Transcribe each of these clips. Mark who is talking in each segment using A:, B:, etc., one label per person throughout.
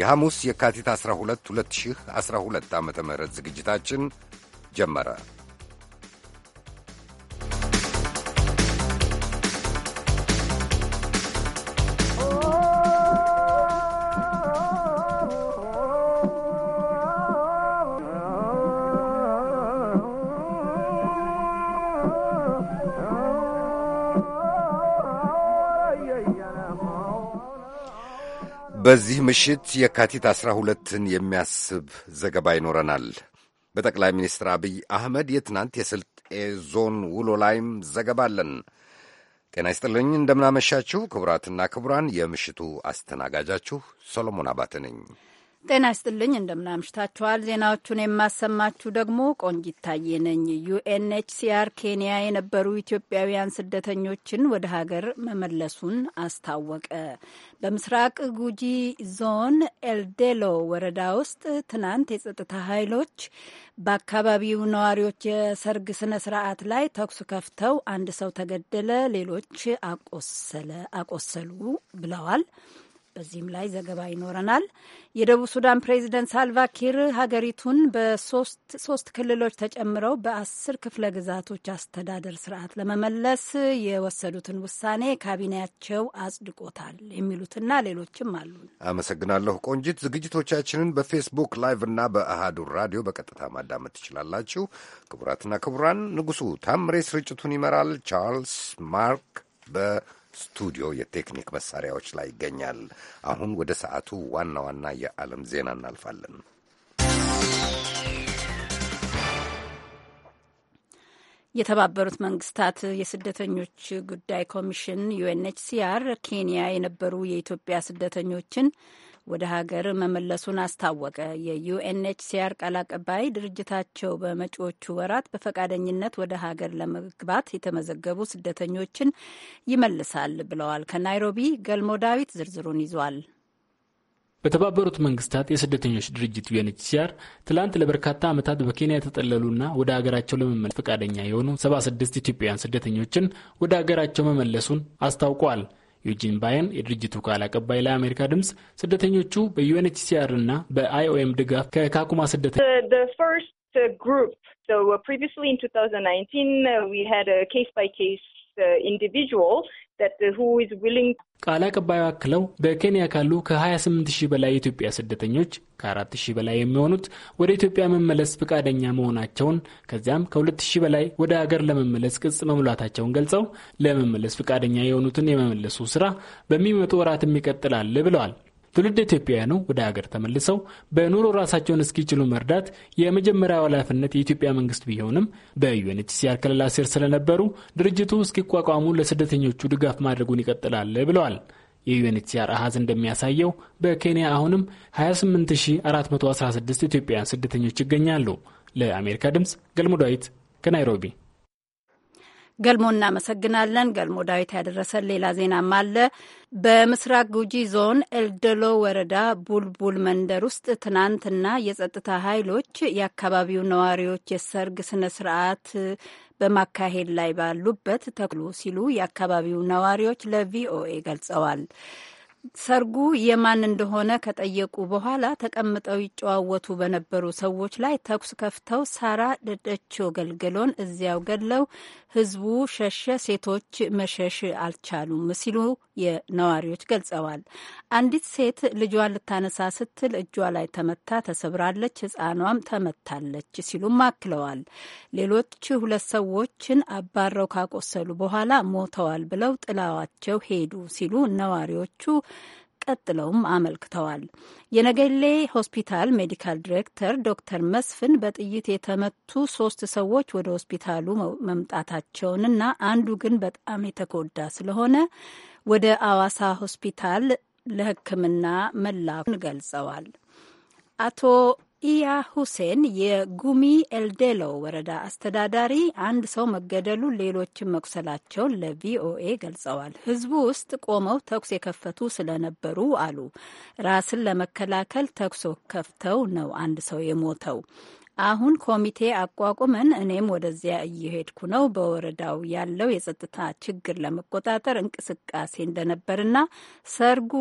A: የሐሙስ የካቲት 12 2012 ዓ ም ዝግጅታችን ጀመረ። በዚህ ምሽት የካቲት አስራ ሁለትን የሚያስብ ዘገባ ይኖረናል። በጠቅላይ ሚኒስትር አብይ አህመድ የትናንት የስልጤ ዞን ውሎ ላይም ዘገባ አለን። ጤና ይስጥልኝ፣ እንደምናመሻችሁ ክቡራትና ክቡራን፣ የምሽቱ አስተናጋጃችሁ ሰሎሞን አባተ ነኝ።
B: ጤና ይስጥልኝ እንደምናምሽታችኋል። ዜናዎቹን የማሰማችሁ ደግሞ ቆንጂት ታዬ ነኝ። ዩኤንኤችሲአር ኬንያ የነበሩ ኢትዮጵያውያን ስደተኞችን ወደ ሀገር መመለሱን አስታወቀ። በምስራቅ ጉጂ ዞን ኤልዴሎ ወረዳ ውስጥ ትናንት የጸጥታ ኃይሎች በአካባቢው ነዋሪዎች የሰርግ ስነ ስርዓት ላይ ተኩስ ከፍተው አንድ ሰው ተገደለ፣ ሌሎች አቆሰለ አቆሰሉ ብለዋል። በዚህም ላይ ዘገባ ይኖረናል። የደቡብ ሱዳን ፕሬዚደንት ሳልቫኪር ሀገሪቱን በሶስት ክልሎች ተጨምረው በአስር ክፍለ ግዛቶች አስተዳደር ስርዓት ለመመለስ የወሰዱትን ውሳኔ ካቢኔያቸው አጽድቆታል። የሚሉትና ሌሎችም አሉ።
A: አመሰግናለሁ ቆንጂት። ዝግጅቶቻችንን በፌስቡክ ላይቭ እና በአሃዱ ራዲዮ በቀጥታ ማዳመጥ ትችላላችሁ። ክቡራትና ክቡራን ንጉሱ ታምሬ ስርጭቱን ይመራል። ቻርልስ ማርክ በ ስቱዲዮ የቴክኒክ መሳሪያዎች ላይ ይገኛል። አሁን ወደ ሰዓቱ ዋና ዋና የዓለም ዜና እናልፋለን።
B: የተባበሩት መንግስታት የስደተኞች ጉዳይ ኮሚሽን ዩኤንኤችሲአር ኬንያ የነበሩ የኢትዮጵያ ስደተኞችን ወደ ሀገር መመለሱን አስታወቀ። የዩኤንኤችሲአር ቃል አቀባይ ድርጅታቸው በመጪዎቹ ወራት በፈቃደኝነት ወደ ሀገር ለመግባት የተመዘገቡ ስደተኞችን ይመልሳል ብለዋል። ከናይሮቢ ገልሞ ዳዊት ዝርዝሩን ይዟል።
C: በተባበሩት መንግስታት የስደተኞች ድርጅት ዩኤንኤችሲአር ትላንት ለበርካታ ዓመታት በኬንያ የተጠለሉና ወደ ሀገራቸው ለመመለስ ፈቃደኛ የሆኑ 76 ኢትዮጵያውያን ስደተኞችን ወደ ሀገራቸው መመለሱን አስታውቋል። ዩጂን ባየን የድርጅቱ ቃል አቀባይ ለአሜሪካ ድምፅ ስደተኞቹ በዩኤንኤችሲአር እና በአይኦኤም ድጋፍ ከካኩማ ስደተ
D: Uh,
C: ቃል አቀባዩ አክለው በኬንያ ካሉ ከ28 ሺህ በላይ የኢትዮጵያ ስደተኞች ከ4 ሺህ በላይ የሚሆኑት ወደ ኢትዮጵያ መመለስ ፈቃደኛ መሆናቸውን ከዚያም ከ2 ሺህ በላይ ወደ አገር ለመመለስ ቅጽ መሙላታቸውን ገልጸው ለመመለስ ፈቃደኛ የሆኑትን የመመለሱ ስራ በሚመጡ ወራትም ይቀጥላል ብለዋል። ትውልድ ኢትዮጵያውያኑ ወደ ሀገር ተመልሰው በኑሮ ራሳቸውን እስኪችሉ መርዳት የመጀመሪያው ኃላፊነት የኢትዮጵያ መንግስት ቢሆንም በዩኤንኤችሲአር ከለላ ስር ስለነበሩ ድርጅቱ እስኪቋቋሙ ለስደተኞቹ ድጋፍ ማድረጉን ይቀጥላል ብለዋል። የዩኤንኤችሲአር አሃዝ እንደሚያሳየው በኬንያ አሁንም 28416 ኢትዮጵያውያን ስደተኞች ይገኛሉ። ለአሜሪካ ድምፅ ገልሞ ዳዊት ከናይሮቢ
B: ገልሞ እናመሰግናለን። ገልሞ ዳዊት ያደረሰን ሌላ ዜናም አለ። በምስራቅ ጉጂ ዞን ኤልደሎ ወረዳ ቡልቡል መንደር ውስጥ ትናንትና የጸጥታ ኃይሎች የአካባቢው ነዋሪዎች የሰርግ ስነ ስርዓት በማካሄድ ላይ ባሉበት ተክሉ ሲሉ የአካባቢው ነዋሪዎች ለቪኦኤ ገልጸዋል። ሰርጉ የማን እንደሆነ ከጠየቁ በኋላ ተቀምጠው ይጨዋወቱ በነበሩ ሰዎች ላይ ተኩስ ከፍተው ሳራ ደደቾ ገልገሎን እዚያው ገድለው ህዝቡ ሸሸ፣ ሴቶች መሸሽ አልቻሉም ሲሉ የነዋሪዎች ገልጸዋል። አንዲት ሴት ልጇን ልታነሳ ስትል እጇ ላይ ተመታ ተሰብራለች፣ ሕፃኗም ተመታለች ሲሉም አክለዋል። ሌሎች ሁለት ሰዎችን አባረው ካቆሰሉ በኋላ ሞተዋል ብለው ጥላዋቸው ሄዱ ሲሉ ነዋሪዎቹ ቀጥለውም አመልክተዋል። የነገሌ ሆስፒታል ሜዲካል ዲሬክተር ዶክተር መስፍን በጥይት የተመቱ ሶስት ሰዎች ወደ ሆስፒታሉ መምጣታቸውንና አንዱ ግን በጣም የተጎዳ ስለሆነ ወደ አዋሳ ሆስፒታል ለሕክምና መላኩን ገልጸዋል። አቶ ኢያ ሁሴን የጉሚ ኤልዴሎ ወረዳ አስተዳዳሪ አንድ ሰው መገደሉን፣ ሌሎችም መቁሰላቸውን ለቪኦኤ ገልጸዋል። ህዝቡ ውስጥ ቆመው ተኩስ የከፈቱ ስለነበሩ አሉ። ራስን ለመከላከል ተኩስ ከፍተው ነው አንድ ሰው የሞተው። አሁን ኮሚቴ አቋቁመን እኔም ወደዚያ እየሄድኩ ነው። በወረዳው ያለው የጸጥታ ችግር ለመቆጣጠር እንቅስቃሴ እንደነበርና ሰርጉ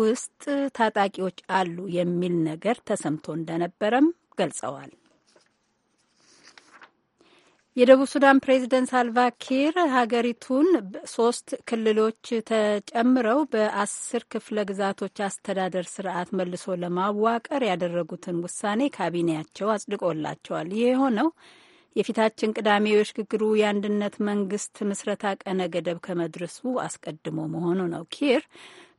B: ውስጥ ታጣቂዎች አሉ የሚል ነገር ተሰምቶ እንደነበረም ገልጸዋል። የደቡብ ሱዳን ፕሬዚደንት ሳልቫ ኪር ሀገሪቱን ሶስት ክልሎች ተጨምረው በአስር ክፍለ ግዛቶች አስተዳደር ስርዓት መልሶ ለማዋቀር ያደረጉትን ውሳኔ ካቢኔያቸው አጽድቆላቸዋል። ይህ የሆነው የፊታችን ቅዳሜ የሽግግሩ የአንድነት መንግስት ምስረታ ቀነ ገደብ ከመድረሱ አስቀድሞ መሆኑ ነው። ኪር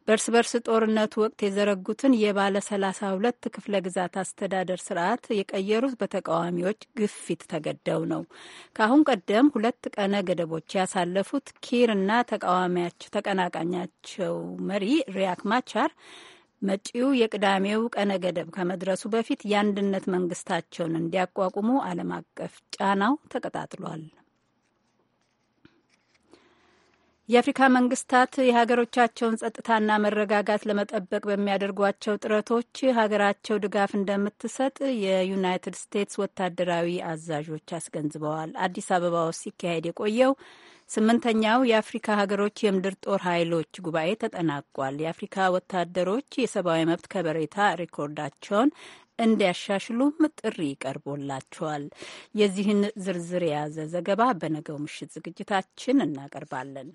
B: በእርስ በርስ ጦርነቱ ወቅት የዘረጉትን የባለ ሰላሳ ሁለት ክፍለ ግዛት አስተዳደር ስርዓት የቀየሩት በተቃዋሚዎች ግፊት ተገደው ነው። ከአሁን ቀደም ሁለት ቀነ ገደቦች ያሳለፉት ኪርና ተቃዋሚያቸው ተቀናቃኛቸው መሪ ሪያክ ማቻር መጪው የቅዳሜው ቀነ ገደብ ከመድረሱ በፊት የአንድነት መንግስታቸውን እንዲያቋቁሙ ዓለም አቀፍ ጫናው ተቀጣጥሏል። የአፍሪካ መንግስታት የሀገሮቻቸውን ጸጥታና መረጋጋት ለመጠበቅ በሚያደርጓቸው ጥረቶች ሀገራቸው ድጋፍ እንደምትሰጥ የዩናይትድ ስቴትስ ወታደራዊ አዛዦች አስገንዝበዋል። አዲስ አበባ ውስጥ ሲካሄድ የቆየው ስምንተኛው የአፍሪካ ሀገሮች የምድር ጦር ኃይሎች ጉባኤ ተጠናቋል። የአፍሪካ ወታደሮች የሰብአዊ መብት ከበሬታ ሪኮርዳቸውን እንዲያሻሽሉም ጥሪ ይቀርቦላቸዋል። የዚህን ዝርዝር የያዘ ዘገባ በነገው ምሽት ዝግጅታችን እናቀርባለን።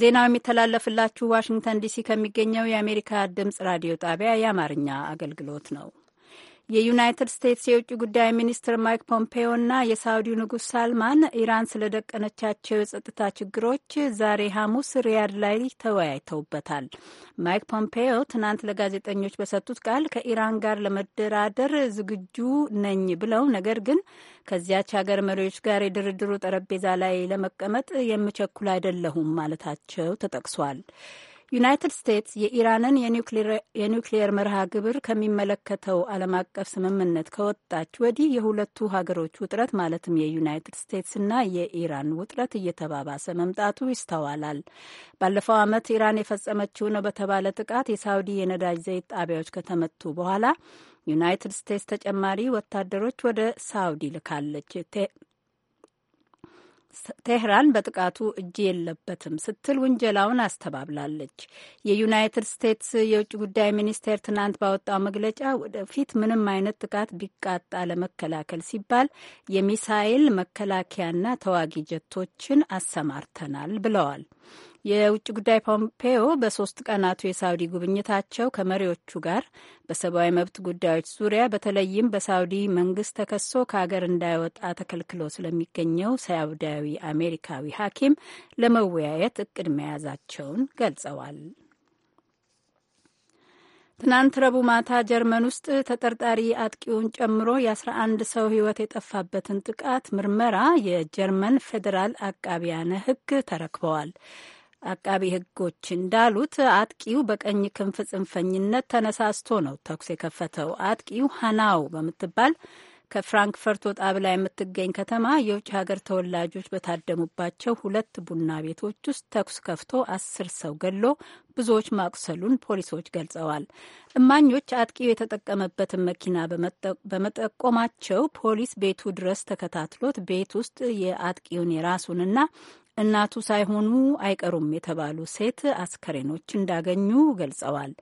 B: ዜናው የሚተላለፍላችሁ ዋሽንግተን ዲሲ ከሚገኘው የአሜሪካ ድምፅ ራዲዮ ጣቢያ የአማርኛ አገልግሎት ነው። የዩናይትድ ስቴትስ የውጭ ጉዳይ ሚኒስትር ማይክ ፖምፔዮና የሳውዲው ንጉሥ ሳልማን ኢራን ስለደቀነቻቸው የጸጥታ ችግሮች ዛሬ ሐሙስ ሪያድ ላይ ተወያይተውበታል። ማይክ ፖምፔዮ ትናንት ለጋዜጠኞች በሰጡት ቃል ከኢራን ጋር ለመደራደር ዝግጁ ነኝ ብለው፣ ነገር ግን ከዚያች ሀገር መሪዎች ጋር የድርድሩ ጠረጴዛ ላይ ለመቀመጥ የምቸኩል አይደለሁም ማለታቸው ተጠቅሷል። ዩናይትድ ስቴትስ የኢራንን የኒውክሌየር መርሃ ግብር ከሚመለከተው ዓለም አቀፍ ስምምነት ከወጣች ወዲህ የሁለቱ ሀገሮች ውጥረት ማለትም የዩናይትድ ስቴትስና የኢራን ውጥረት እየተባባሰ መምጣቱ ይስተዋላል። ባለፈው ዓመት ኢራን የፈጸመችው ነው በተባለ ጥቃት የሳውዲ የነዳጅ ዘይት ጣቢያዎች ከተመቱ በኋላ ዩናይትድ ስቴትስ ተጨማሪ ወታደሮች ወደ ሳውዲ ልካለች። ቴህራን በጥቃቱ እጅ የለበትም ስትል ውንጀላውን አስተባብላለች። የዩናይትድ ስቴትስ የውጭ ጉዳይ ሚኒስቴር ትናንት ባወጣው መግለጫ ወደፊት ምንም አይነት ጥቃት ቢቃጣ ለመከላከል ሲባል የሚሳይል መከላከያና ተዋጊ ጀቶችን አሰማርተናል ብለዋል። የውጭ ጉዳይ ፖምፔዮ በሶስት ቀናቱ የሳውዲ ጉብኝታቸው ከመሪዎቹ ጋር በሰብአዊ መብት ጉዳዮች ዙሪያ በተለይም በሳውዲ መንግስት ተከሶ ከሀገር እንዳይወጣ ተከልክሎ ስለሚገኘው ሳውዲያዊ አሜሪካዊ ሐኪም ለመወያየት እቅድ መያዛቸውን ገልጸዋል። ትናንት ረቡዕ ማታ ጀርመን ውስጥ ተጠርጣሪ አጥቂውን ጨምሮ የ11 ሰው ሕይወት የጠፋበትን ጥቃት ምርመራ የጀርመን ፌዴራል አቃቢያነ ህግ ተረክበዋል። አቃቢ ሕጎች እንዳሉት አጥቂው በቀኝ ክንፍ ጽንፈኝነት ተነሳስቶ ነው ተኩስ የከፈተው። አጥቂው ሀናው በምትባል ከፍራንክፈርት ወጣ ብላ የምትገኝ ከተማ የውጭ ሀገር ተወላጆች በታደሙባቸው ሁለት ቡና ቤቶች ውስጥ ተኩስ ከፍቶ አስር ሰው ገሎ ብዙዎች ማቁሰሉን ፖሊሶች ገልጸዋል። እማኞች አጥቂው የተጠቀመበትን መኪና በመጠቆማቸው ፖሊስ ቤቱ ድረስ ተከታትሎት ቤት ውስጥ የአጥቂውን የራሱንና እናቱ ሳይሆኑ አይቀሩም የተባሉ ሴት አስከሬኖች እንዳገኙ ገልጸዋል።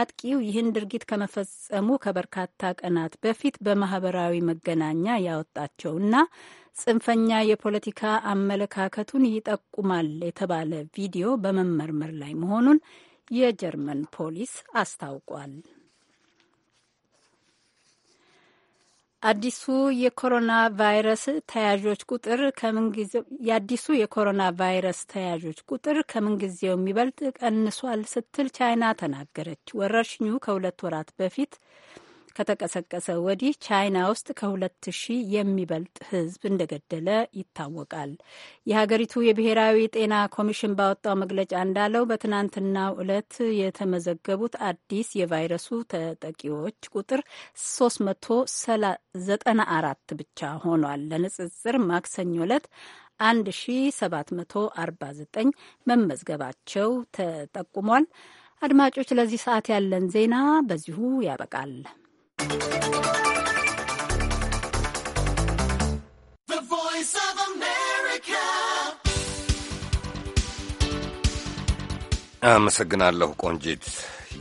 B: አጥቂው ይህን ድርጊት ከመፈጸሙ ከበርካታ ቀናት በፊት በማህበራዊ መገናኛ ያወጣቸውና ጽንፈኛ የፖለቲካ አመለካከቱን ይጠቁማል የተባለ ቪዲዮ በመመርመር ላይ መሆኑን የጀርመን ፖሊስ አስታውቋል። አዲሱ የኮሮና ቫይረስ ተያዦች ቁጥር ከምንጊዜው የአዲሱ የኮሮና ቫይረስ ተያዦች ቁጥር ከምንጊዜው የሚበልጥ ቀንሷል ስትል ቻይና ተናገረች። ወረርሽኙ ከሁለት ወራት በፊት ከተቀሰቀሰ ወዲህ ቻይና ውስጥ ከሁለት ሺህ የሚበልጥ ሕዝብ እንደገደለ ይታወቃል። የሀገሪቱ የብሔራዊ ጤና ኮሚሽን ባወጣው መግለጫ እንዳለው በትናንትናው ዕለት የተመዘገቡት አዲስ የቫይረሱ ተጠቂዎች ቁጥር 394 ብቻ ሆኗል። ለንጽጽር ማክሰኞ ዕለት 1749 መመዝገባቸው ተጠቁሟል። አድማጮች፣ ለዚህ ሰዓት ያለን ዜና በዚሁ ያበቃል።
A: አመሰግናለሁ ቆንጂት።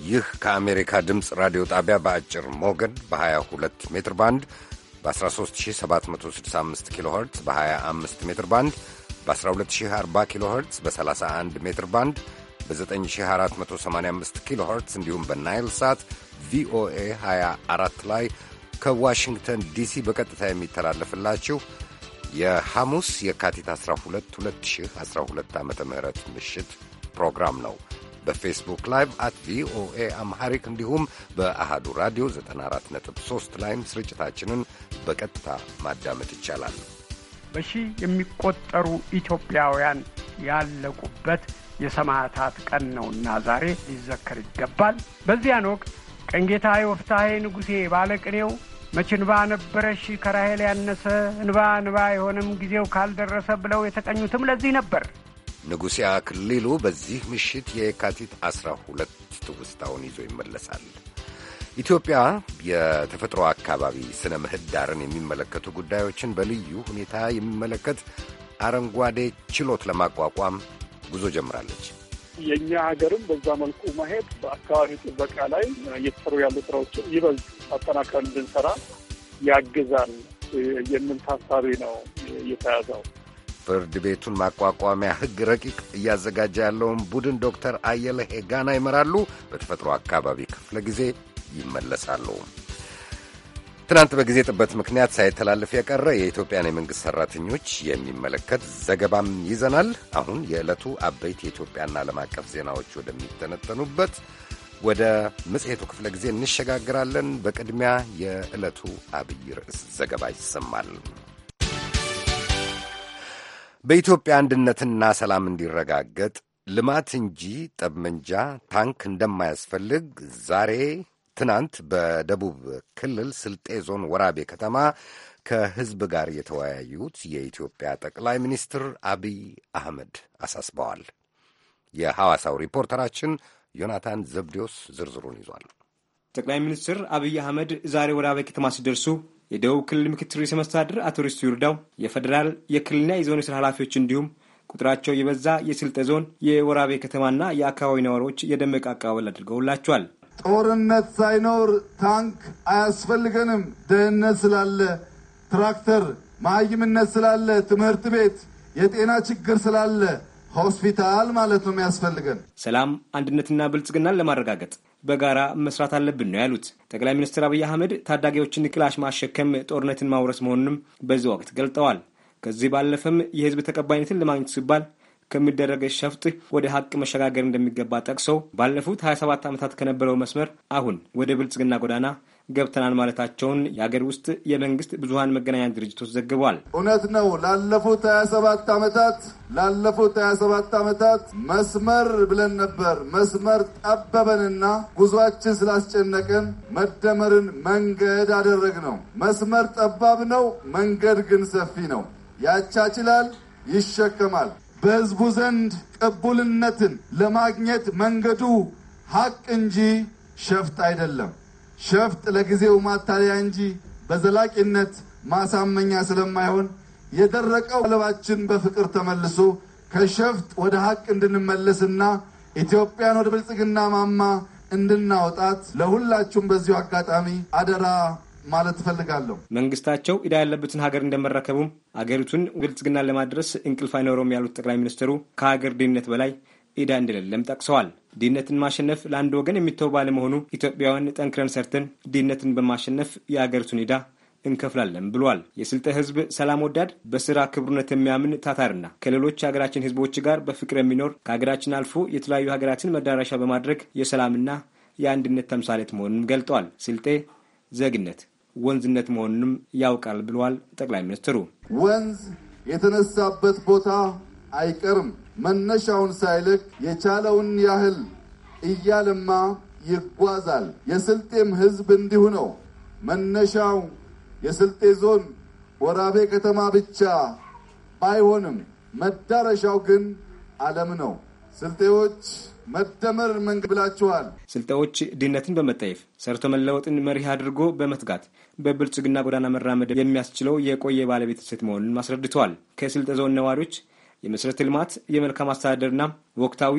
A: ይህ ከአሜሪካ ድምፅ ራዲዮ ጣቢያ በአጭር ሞገድ በ22 ሜትር ባንድ በ13765 ኪሎ ኸርትዝ በ25 ሜትር ባንድ በ1240 ኪሎ ኸርትዝ በ31 ሜትር ባንድ በ9485 ኪሎ ኸርትዝ እንዲሁም በናይል ሳት ቪኦኤ 24 ላይ ከዋሽንግተን ዲሲ በቀጥታ የሚተላለፍላችሁ የሐሙስ የካቲት 12 2012 ዓ ም ምሽት ፕሮግራም ነው። በፌስቡክ ላይቭ አት ቪኦኤ አምሃሪክ እንዲሁም በአሃዱ ራዲዮ 94.3 ላይም ስርጭታችንን በቀጥታ ማዳመጥ ይቻላል።
E: በሺህ የሚቆጠሩ ኢትዮጵያውያን ያለቁበት የሰማዕታት ቀን ነውና ዛሬ ሊዘከር ይገባል። በዚያን ወቅት ቀንጌታ ወፍታሔ ንጉሴ ባለቅኔው መችንባ ነበረሽ ከራሄል ያነሰ እንባ እንባ የሆነም ጊዜው ካልደረሰ ብለው የተቀኙትም ለዚህ ነበር።
A: ንጉሴ አክሊሉ በዚህ ምሽት የካቲት አስራ ሁለት ትውስታውን ይዞ ይመለሳል። ኢትዮጵያ የተፈጥሮ አካባቢ ስነ ምህዳርን የሚመለከቱ ጉዳዮችን በልዩ ሁኔታ የሚመለከት አረንጓዴ ችሎት ለማቋቋም ጉዞ ጀምራለች።
F: የእኛ ሀገርም በዛ መልኩ መሄድ በአካባቢ ጥበቃ ላይ እየተሰሩ ያሉ ስራዎችን ይበልጥ አጠናክረን እንድንሰራ ያግዛል የሚል ታሳቢ ነው የተያዘው።
A: ፍርድ ቤቱን ማቋቋሚያ ሕግ ረቂቅ እያዘጋጀ ያለውን ቡድን ዶክተር አየለ ሄጋና ይመራሉ። በተፈጥሮ አካባቢ ክፍለ ጊዜ ይመለሳሉ። ትናንት በጊዜ ጥበት ምክንያት ሳይተላለፍ የቀረ የኢትዮጵያን የመንግሥት ሠራተኞች የሚመለከት ዘገባም ይዘናል። አሁን የዕለቱ አበይት የኢትዮጵያና ዓለም አቀፍ ዜናዎች ወደሚተነተኑበት ወደ መጽሔቱ ክፍለ ጊዜ እንሸጋግራለን። በቅድሚያ የዕለቱ አብይ ርዕስ ዘገባ ይሰማል። በኢትዮጵያ አንድነትና ሰላም እንዲረጋገጥ ልማት እንጂ ጠብመንጃ ታንክ እንደማያስፈልግ ዛሬ ትናንት በደቡብ ክልል ስልጤ ዞን ወራቤ ከተማ ከህዝብ ጋር የተወያዩት የኢትዮጵያ ጠቅላይ ሚኒስትር አብይ አህመድ አሳስበዋል። የሐዋሳው ሪፖርተራችን ዮናታን ዘብዲዮስ ዝርዝሩን ይዟል።
G: ጠቅላይ ሚኒስትር አብይ አህመድ ዛሬ ወራቤ ከተማ ሲደርሱ የደቡብ ክልል ምክትል ርዕሰ መስተዳድር አቶ ሪስቱ ይርዳው፣ የፌዴራል የክልልና የዞን የስራ ኃላፊዎች እንዲሁም ቁጥራቸው የበዛ የስልጤ ዞን የወራቤ ከተማና የአካባቢ ነዋሪዎች የደመቀ አቀባበል አድርገውላቸዋል።
H: ጦርነት ሳይኖር ታንክ አያስፈልገንም። ደህንነት ስላለ፣ ትራክተር ማይምነት ስላለ፣ ትምህርት ቤት፣ የጤና ችግር ስላለ ሆስፒታል ማለት ነው የሚያስፈልገን።
G: ሰላም አንድነትና ብልጽግናን ለማረጋገጥ በጋራ መስራት አለብን ነው ያሉት ጠቅላይ ሚኒስትር አብይ አህመድ። ታዳጊዎችን ክላሽ ማሸከም ጦርነትን ማውረስ መሆኑንም በዚህ ወቅት ገልጠዋል። ከዚህ ባለፈም የህዝብ ተቀባይነትን ለማግኘት ሲባል ከሚደረገ ሸፍጥ ወደ ሀቅ መሸጋገር እንደሚገባ ጠቅሰው ባለፉት 27 ዓመታት ከነበረው መስመር አሁን ወደ ብልጽግና ጎዳና ገብተናል ማለታቸውን የአገር ውስጥ የመንግስት ብዙሀን መገናኛ ድርጅቶች ዘግቧል።
H: እውነት ነው። ላለፉት 27 ዓመታት ላለፉት 27 ዓመታት መስመር ብለን ነበር። መስመር ጠበበንና ጉዟችን ስላስጨነቀን መደመርን መንገድ ነው። መስመር ጠባብ ነው፣ መንገድ ግን ሰፊ ነው። ያቻችላል፣ ይሸከማል። በህዝቡ ዘንድ ቅቡልነትን ለማግኘት መንገዱ ሀቅ እንጂ ሸፍጥ አይደለም። ሸፍጥ ለጊዜው ማታለያ እንጂ በዘላቂነት ማሳመኛ ስለማይሆን የደረቀው ቀለባችን በፍቅር ተመልሶ ከሸፍጥ ወደ ሀቅ እንድንመለስና ኢትዮጵያን ወደ ብልጽግና ማማ እንድናወጣት ለሁላችሁም በዚሁ አጋጣሚ አደራ ማለት ትፈልጋለሁ።
G: መንግስታቸው እዳ ያለበትን ሀገር እንደመረከቡም አገሪቱን ብልጽግና ለማድረስ እንቅልፍ አይኖረውም ያሉት ጠቅላይ ሚኒስትሩ ከሀገር ድህነት በላይ ዕዳ እንደሌለም ጠቅሰዋል። ድህነትን ማሸነፍ ለአንድ ወገን የሚተው ባለመሆኑ ኢትዮጵያውያን ጠንክረን ሰርተን ድህነትን በማሸነፍ የአገሪቱን ዕዳ እንከፍላለን ብሏል። የስልጠ ህዝብ ሰላም ወዳድ፣ በስራ ክብርነት የሚያምን ታታርና ከሌሎች ሀገራችን ህዝቦች ጋር በፍቅር የሚኖር ከሀገራችን አልፎ የተለያዩ ሀገራትን መዳረሻ በማድረግ የሰላምና የአንድነት ተምሳሌት መሆኑን ገልጠዋል። ስልጤ ዜግነት ወንዝነት መሆኑንም ያውቃል ብለዋል ጠቅላይ ሚኒስትሩ።
H: ወንዝ የተነሳበት ቦታ አይቀርም። መነሻውን ሳይልክ የቻለውን ያህል እያለማ ይጓዛል። የስልጤም ሕዝብ እንዲሁ ነው። መነሻው የስልጤ ዞን ወራቤ ከተማ ብቻ ባይሆንም መዳረሻው ግን ዓለም ነው። ስልጤዎች መደመር መንገድ ብላችኋል።
G: ስልጠዎች ድህነትን በመጠየፍ ሰርቶ መለወጥን መሪህ አድርጎ በመትጋት በብልጽግና ጎዳና መራመድ የሚያስችለው የቆየ ባለቤት ሴት መሆኑን አስረድተዋል። ከስልጤ ዞን ነዋሪዎች የመሰረተ ልማት፣ የመልካም አስተዳደርና ወቅታዊ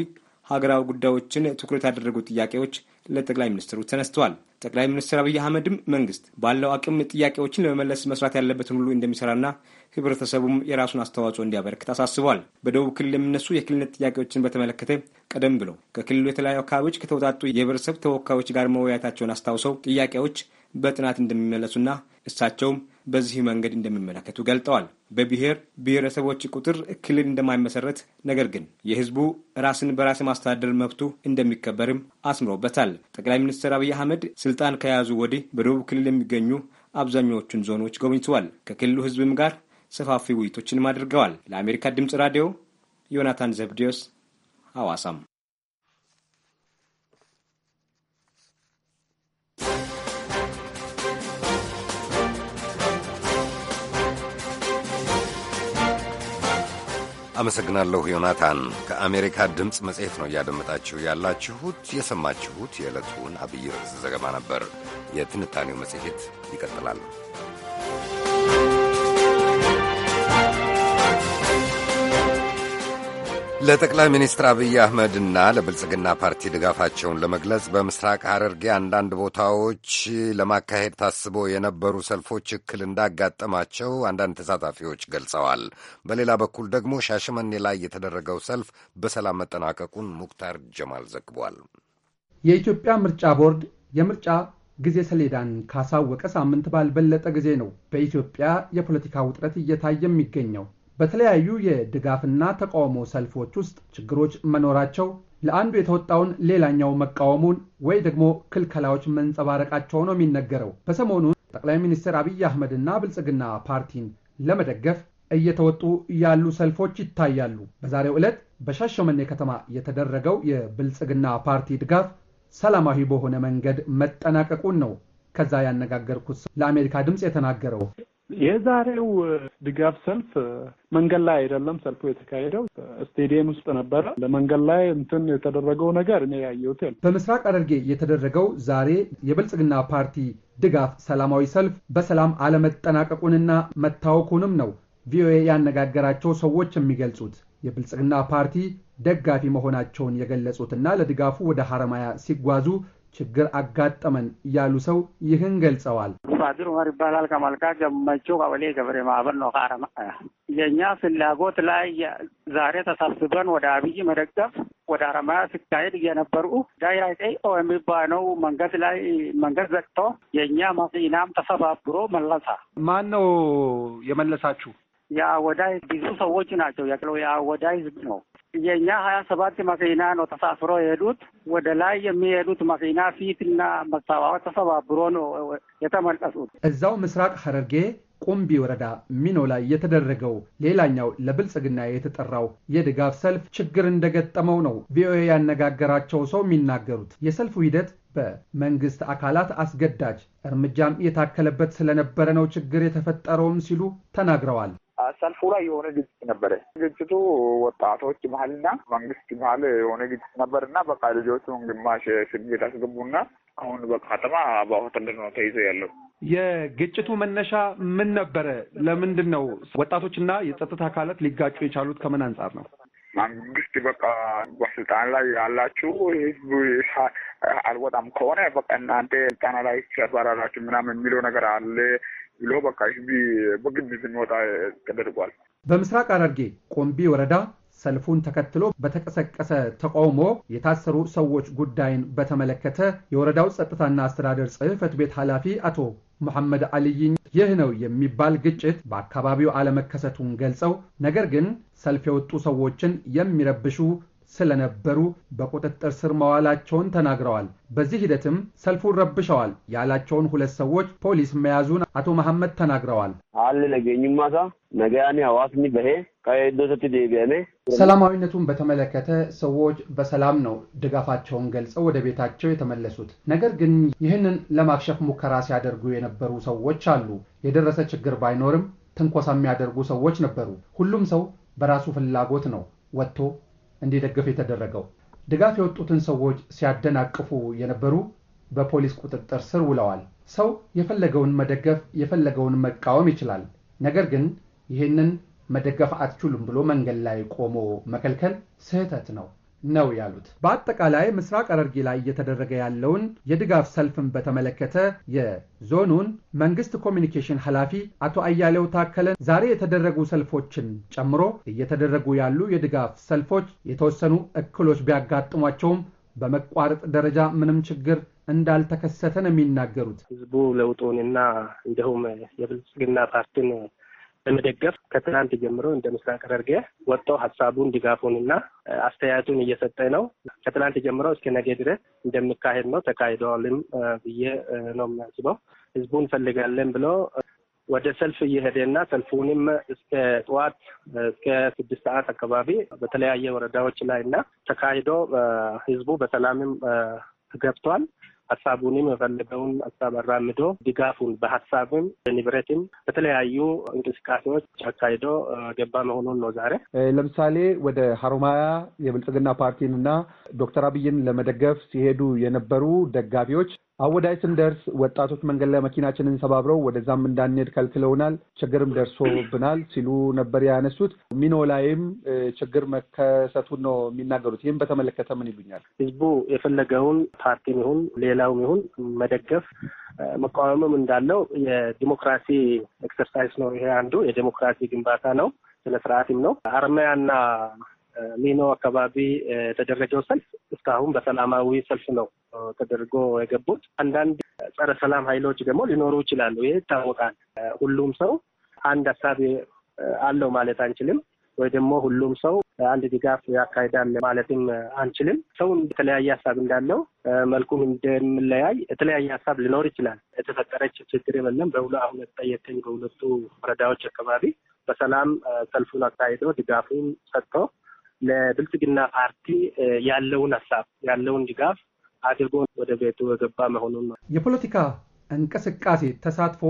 G: ሀገራዊ ጉዳዮችን ትኩረት ያደረጉ ጥያቄዎች ለጠቅላይ ሚኒስትሩ ተነስተዋል። ጠቅላይ ሚኒስትር አብይ አህመድም መንግስት ባለው አቅም ጥያቄዎችን ለመመለስ መስራት ያለበትን ሁሉ እንደሚሰራና ህብረተሰቡም የራሱን አስተዋጽኦ እንዲያበረክት አሳስቧል። በደቡብ ክልል የሚነሱ የክልልነት ጥያቄዎችን በተመለከተ ቀደም ብለው ከክልሉ የተለያዩ አካባቢዎች ከተውጣጡ የህብረተሰብ ተወካዮች ጋር መወያየታቸውን አስታውሰው ጥያቄዎች በጥናት እንደሚመለሱና እሳቸውም በዚህ መንገድ እንደሚመለከቱ ገልጠዋል። በብሔር ብሔረሰቦች ቁጥር ክልል እንደማይመሰረት ነገር ግን የህዝቡ ራስን በራስ ማስተዳደር መብቱ እንደሚከበርም አስምሮበታል። ጠቅላይ ሚኒስትር አብይ አህመድ ስልጣን ከያዙ ወዲህ በደቡብ ክልል የሚገኙ አብዛኛዎቹን ዞኖች ጎብኝተዋል። ከክልሉ ህዝብም ጋር ሰፋፊ ውይይቶችንም አድርገዋል። ለአሜሪካ ድምፅ ራዲዮ ዮናታን ዘብዲዮስ ሐዋሳም
A: አመሰግናለሁ ዮናታን። ከአሜሪካ ድምፅ መጽሔት ነው እያደመጣችሁ ያላችሁት። የሰማችሁት የዕለቱን አብይ ርዕስ ዘገባ ነበር። የትንታኔው መጽሔት ይቀጥላል። ለጠቅላይ ሚኒስትር አብይ አህመድና ለብልጽግና ፓርቲ ድጋፋቸውን ለመግለጽ በምስራቅ ሐረርጌ አንዳንድ ቦታዎች ለማካሄድ ታስቦ የነበሩ ሰልፎች እክል እንዳጋጠማቸው አንዳንድ ተሳታፊዎች ገልጸዋል። በሌላ በኩል ደግሞ ሻሸመኔ ላይ የተደረገው ሰልፍ በሰላም መጠናቀቁን ሙክታር ጀማል ዘግቧል።
I: የኢትዮጵያ ምርጫ ቦርድ የምርጫ ጊዜ ሰሌዳን ካሳወቀ ሳምንት ባልበለጠ ጊዜ ነው በኢትዮጵያ የፖለቲካ ውጥረት እየታየ የሚገኘው። በተለያዩ የድጋፍና ተቃውሞ ሰልፎች ውስጥ ችግሮች መኖራቸው ለአንዱ የተወጣውን ሌላኛው መቃወሙን ወይ ደግሞ ክልከላዎች መንጸባረቃቸው ነው የሚነገረው። በሰሞኑ ጠቅላይ ሚኒስትር አብይ አህመድና ብልጽግና ፓርቲን ለመደገፍ እየተወጡ ያሉ ሰልፎች ይታያሉ። በዛሬው ዕለት በሻሸመኔ ከተማ የተደረገው የብልጽግና ፓርቲ ድጋፍ ሰላማዊ በሆነ መንገድ መጠናቀቁን ነው ከዛ ያነጋገርኩት ለአሜሪካ ድምፅ የተናገረው።
J: የዛሬው
K: ድጋፍ ሰልፍ መንገድ ላይ አይደለም። ሰልፉ የተካሄደው ስቴዲየም ውስጥ ነበረ። ለመንገድ ላይ እንትን የተደረገው ነገር እኔ ያየሁት
I: በምስራቅ ሐረርጌ የተደረገው ዛሬ የብልጽግና ፓርቲ ድጋፍ ሰላማዊ ሰልፍ በሰላም አለመጠናቀቁንና መታወኩንም ነው ቪኦኤ ያነጋገራቸው ሰዎች የሚገልጹት። የብልጽግና ፓርቲ ደጋፊ መሆናቸውን የገለጹትና ለድጋፉ ወደ ሐረማያ ሲጓዙ ችግር አጋጠመን ያሉ ሰው ይህን ገልጸዋል።
K: ባድር ዑመር ይባላል። ከመልካ ገመቹ ቀበሌ ገበሬ ማህበር ነው። ከአረማ የእኛ ፍላጎት ላይ ዛሬ ተሰብስበን ወደ አብይ መደገፍ ወደ አረማያ ሲካሄድ እየነበሩ ዳይራቀይ የሚባለው መንገድ ላይ መንገድ ዘግቶ የእኛ መኪናም ተሰባብሮ መለሳ።
I: ማን ነው የመለሳችሁ?
K: የአወዳይ ብዙ ሰዎች ናቸው ያለው የአወዳይ ህዝብ ነው። የእኛ ሀያ ሰባት መኪና ነው ተሳፍሮ የሄዱት። ወደ ላይ የሚሄዱት መኪና ፊትና መስተዋት ተሰባብሮ ነው የተመለሱት።
I: እዛው ምስራቅ ሀረርጌ ቁምቢ ወረዳ ሚኖ ላይ የተደረገው ሌላኛው ለብልጽግና የተጠራው የድጋፍ ሰልፍ ችግር እንደገጠመው ነው ቪኦኤ ያነጋገራቸው ሰው የሚናገሩት። የሰልፉ ሂደት በመንግስት አካላት አስገዳጅ እርምጃም የታከለበት ስለነበረ ነው ችግር የተፈጠረውም ሲሉ ተናግረዋል።
F: ሰልፉ ላይ የሆነ ግጭት ነበረ። ግጭቱ ወጣቶች መሀልና መንግስት መሀል የሆነ ግጭት ነበር እና በቃ ልጆቹን ግማሽ እስር ቤት አስገቡና አሁን በቃ አጥማ ነው ተይዞ ያለው።
I: የግጭቱ መነሻ ምን ነበረ? ለምንድን ነው ወጣቶችና የጸጥታ አካላት ሊጋጩ የቻሉት? ከምን አንጻር ነው?
F: መንግስት በቃ በስልጣን ላይ ያላችሁ ህዝቡ አልወጣም ከሆነ በቃ እናንተ ስልጣና ላይ ተባራላችሁ ምናምን የሚለው ነገር አለ ብሎ በቃ በግድ ስንወጣ ተደርጓል።
I: በምስራቅ ሐረርጌ ቆምቢ ወረዳ ሰልፉን ተከትሎ በተቀሰቀሰ ተቃውሞ የታሰሩ ሰዎች ጉዳይን በተመለከተ የወረዳው ጸጥታና አስተዳደር ጽህፈት ቤት ኃላፊ አቶ መሐመድ አልይኝ ይህ ነው የሚባል ግጭት በአካባቢው አለመከሰቱን ገልጸው ነገር ግን ሰልፍ የወጡ ሰዎችን የሚረብሹ ስለነበሩ በቁጥጥር ስር መዋላቸውን ተናግረዋል። በዚህ ሂደትም ሰልፉን ረብሸዋል ያላቸውን ሁለት ሰዎች ፖሊስ መያዙን አቶ መሐመድ ተናግረዋል።
F: አል ማሳ ነገያኔ ሐዋስኒ በሄ ቀዶሰት ዴቢያኔ
I: ሰላማዊነቱን በተመለከተ ሰዎች በሰላም ነው ድጋፋቸውን ገልጸው ወደ ቤታቸው የተመለሱት። ነገር ግን ይህንን ለማክሸፍ ሙከራ ሲያደርጉ የነበሩ ሰዎች አሉ። የደረሰ ችግር ባይኖርም ትንኮሳ የሚያደርጉ ሰዎች ነበሩ። ሁሉም ሰው በራሱ ፍላጎት ነው ወጥቶ እንዲደግፍ የተደረገው። ድጋፍ የወጡትን ሰዎች ሲያደናቅፉ የነበሩ በፖሊስ ቁጥጥር ስር ውለዋል። ሰው የፈለገውን መደገፍ የፈለገውን መቃወም ይችላል። ነገር ግን ይህንን መደገፍ አትችሉም ብሎ መንገድ ላይ ቆሞ መከልከል ስህተት ነው። ነው ያሉት። በአጠቃላይ ምስራቅ ሐረርጌ ላይ እየተደረገ ያለውን የድጋፍ ሰልፍን በተመለከተ የዞኑን መንግስት ኮሚኒኬሽን ኃላፊ አቶ አያሌው ታከለን ዛሬ የተደረጉ ሰልፎችን ጨምሮ እየተደረጉ ያሉ የድጋፍ ሰልፎች የተወሰኑ እክሎች ቢያጋጥሟቸውም በመቋረጥ ደረጃ ምንም ችግር እንዳልተከሰተ ነው የሚናገሩት።
K: ህዝቡ ለውጡንና እንዲሁም የብልጽግና ፓርቲን በመደገፍ ከትናንት ጀምሮ እንደ ምስራቅ ሐረርጌ ወጥቶ ሀሳቡን ድጋፉንና አስተያየቱን እየሰጠ ነው። ከትናንት ጀምሮ እስከ ነገ ድረስ እንደሚካሄድ ነው። ተካሂደዋልም ብዬ ነው የሚያስበው ህዝቡን ፈልጋለን ብሎ ወደ ሰልፍ እየሄደና ሰልፉንም እስከ ጠዋት እስከ ስድስት ሰዓት አካባቢ በተለያየ ወረዳዎች ላይ እና ተካሂዶ ህዝቡ በሰላምም ገብቷል። ሀሳቡንም የፈለገውን ሀሳብ አራምዶ ድጋፉን በሀሳብም በንብረትም በተለያዩ እንቅስቃሴዎች አካሂዶ ገባ መሆኑን ነው። ዛሬ
I: ለምሳሌ ወደ ሀሮማያ የብልጽግና ፓርቲንና ዶክተር አብይን ለመደገፍ ሲሄዱ የነበሩ ደጋፊዎች አወዳይ ስንደርስ ወጣቶች መንገድ ላይ መኪናችንን ሰባብረው ወደዛም እንዳንሄድ ከልክለውናል፣ ችግርም ደርሶብናል ሲሉ ነበር ያነሱት። ሚኖ ላይም ችግር መከሰቱን ነው የሚናገሩት።
K: ይህም በተመለከተ ምን ይሉኛል? ህዝቡ የፈለገውን ፓርቲም ይሁን ሌላውም ይሁን መደገፍ መቃወምም እንዳለው የዲሞክራሲ ኤክሰርሳይዝ ነው። ይሄ አንዱ የዲሞክራሲ ግንባታ ነው፣ ስነ ስርዓትም ነው። አርማያና ሚኖ አካባቢ የተደረገው ሰልፍ እስካሁን በሰላማዊ ሰልፍ ነው ተደርጎ የገቡት። አንዳንድ ጸረ ሰላም ኃይሎች ደግሞ ሊኖሩ ይችላሉ። ይህ ይታወቃል። ሁሉም ሰው አንድ ሀሳብ አለው ማለት አንችልም፣ ወይ ደግሞ ሁሉም ሰው አንድ ድጋፍ ያካሂዳል ማለትም አንችልም። ሰው የተለያየ ሀሳብ እንዳለው መልኩም እንደምለያይ የተለያየ ሀሳብ ሊኖር ይችላል። የተፈጠረች ችግር የለም። በሁሉ አሁን የተጠየቀኝ በሁለቱ ወረዳዎች አካባቢ በሰላም ሰልፉን አካሂደው ድጋፉን ሰጥቶ ለብልጽግና ፓርቲ ያለውን ሀሳብ ያለውን ድጋፍ አድርጎ ወደ ቤቱ የገባ መሆኑን ነው።
I: የፖለቲካ እንቅስቃሴ ተሳትፎ፣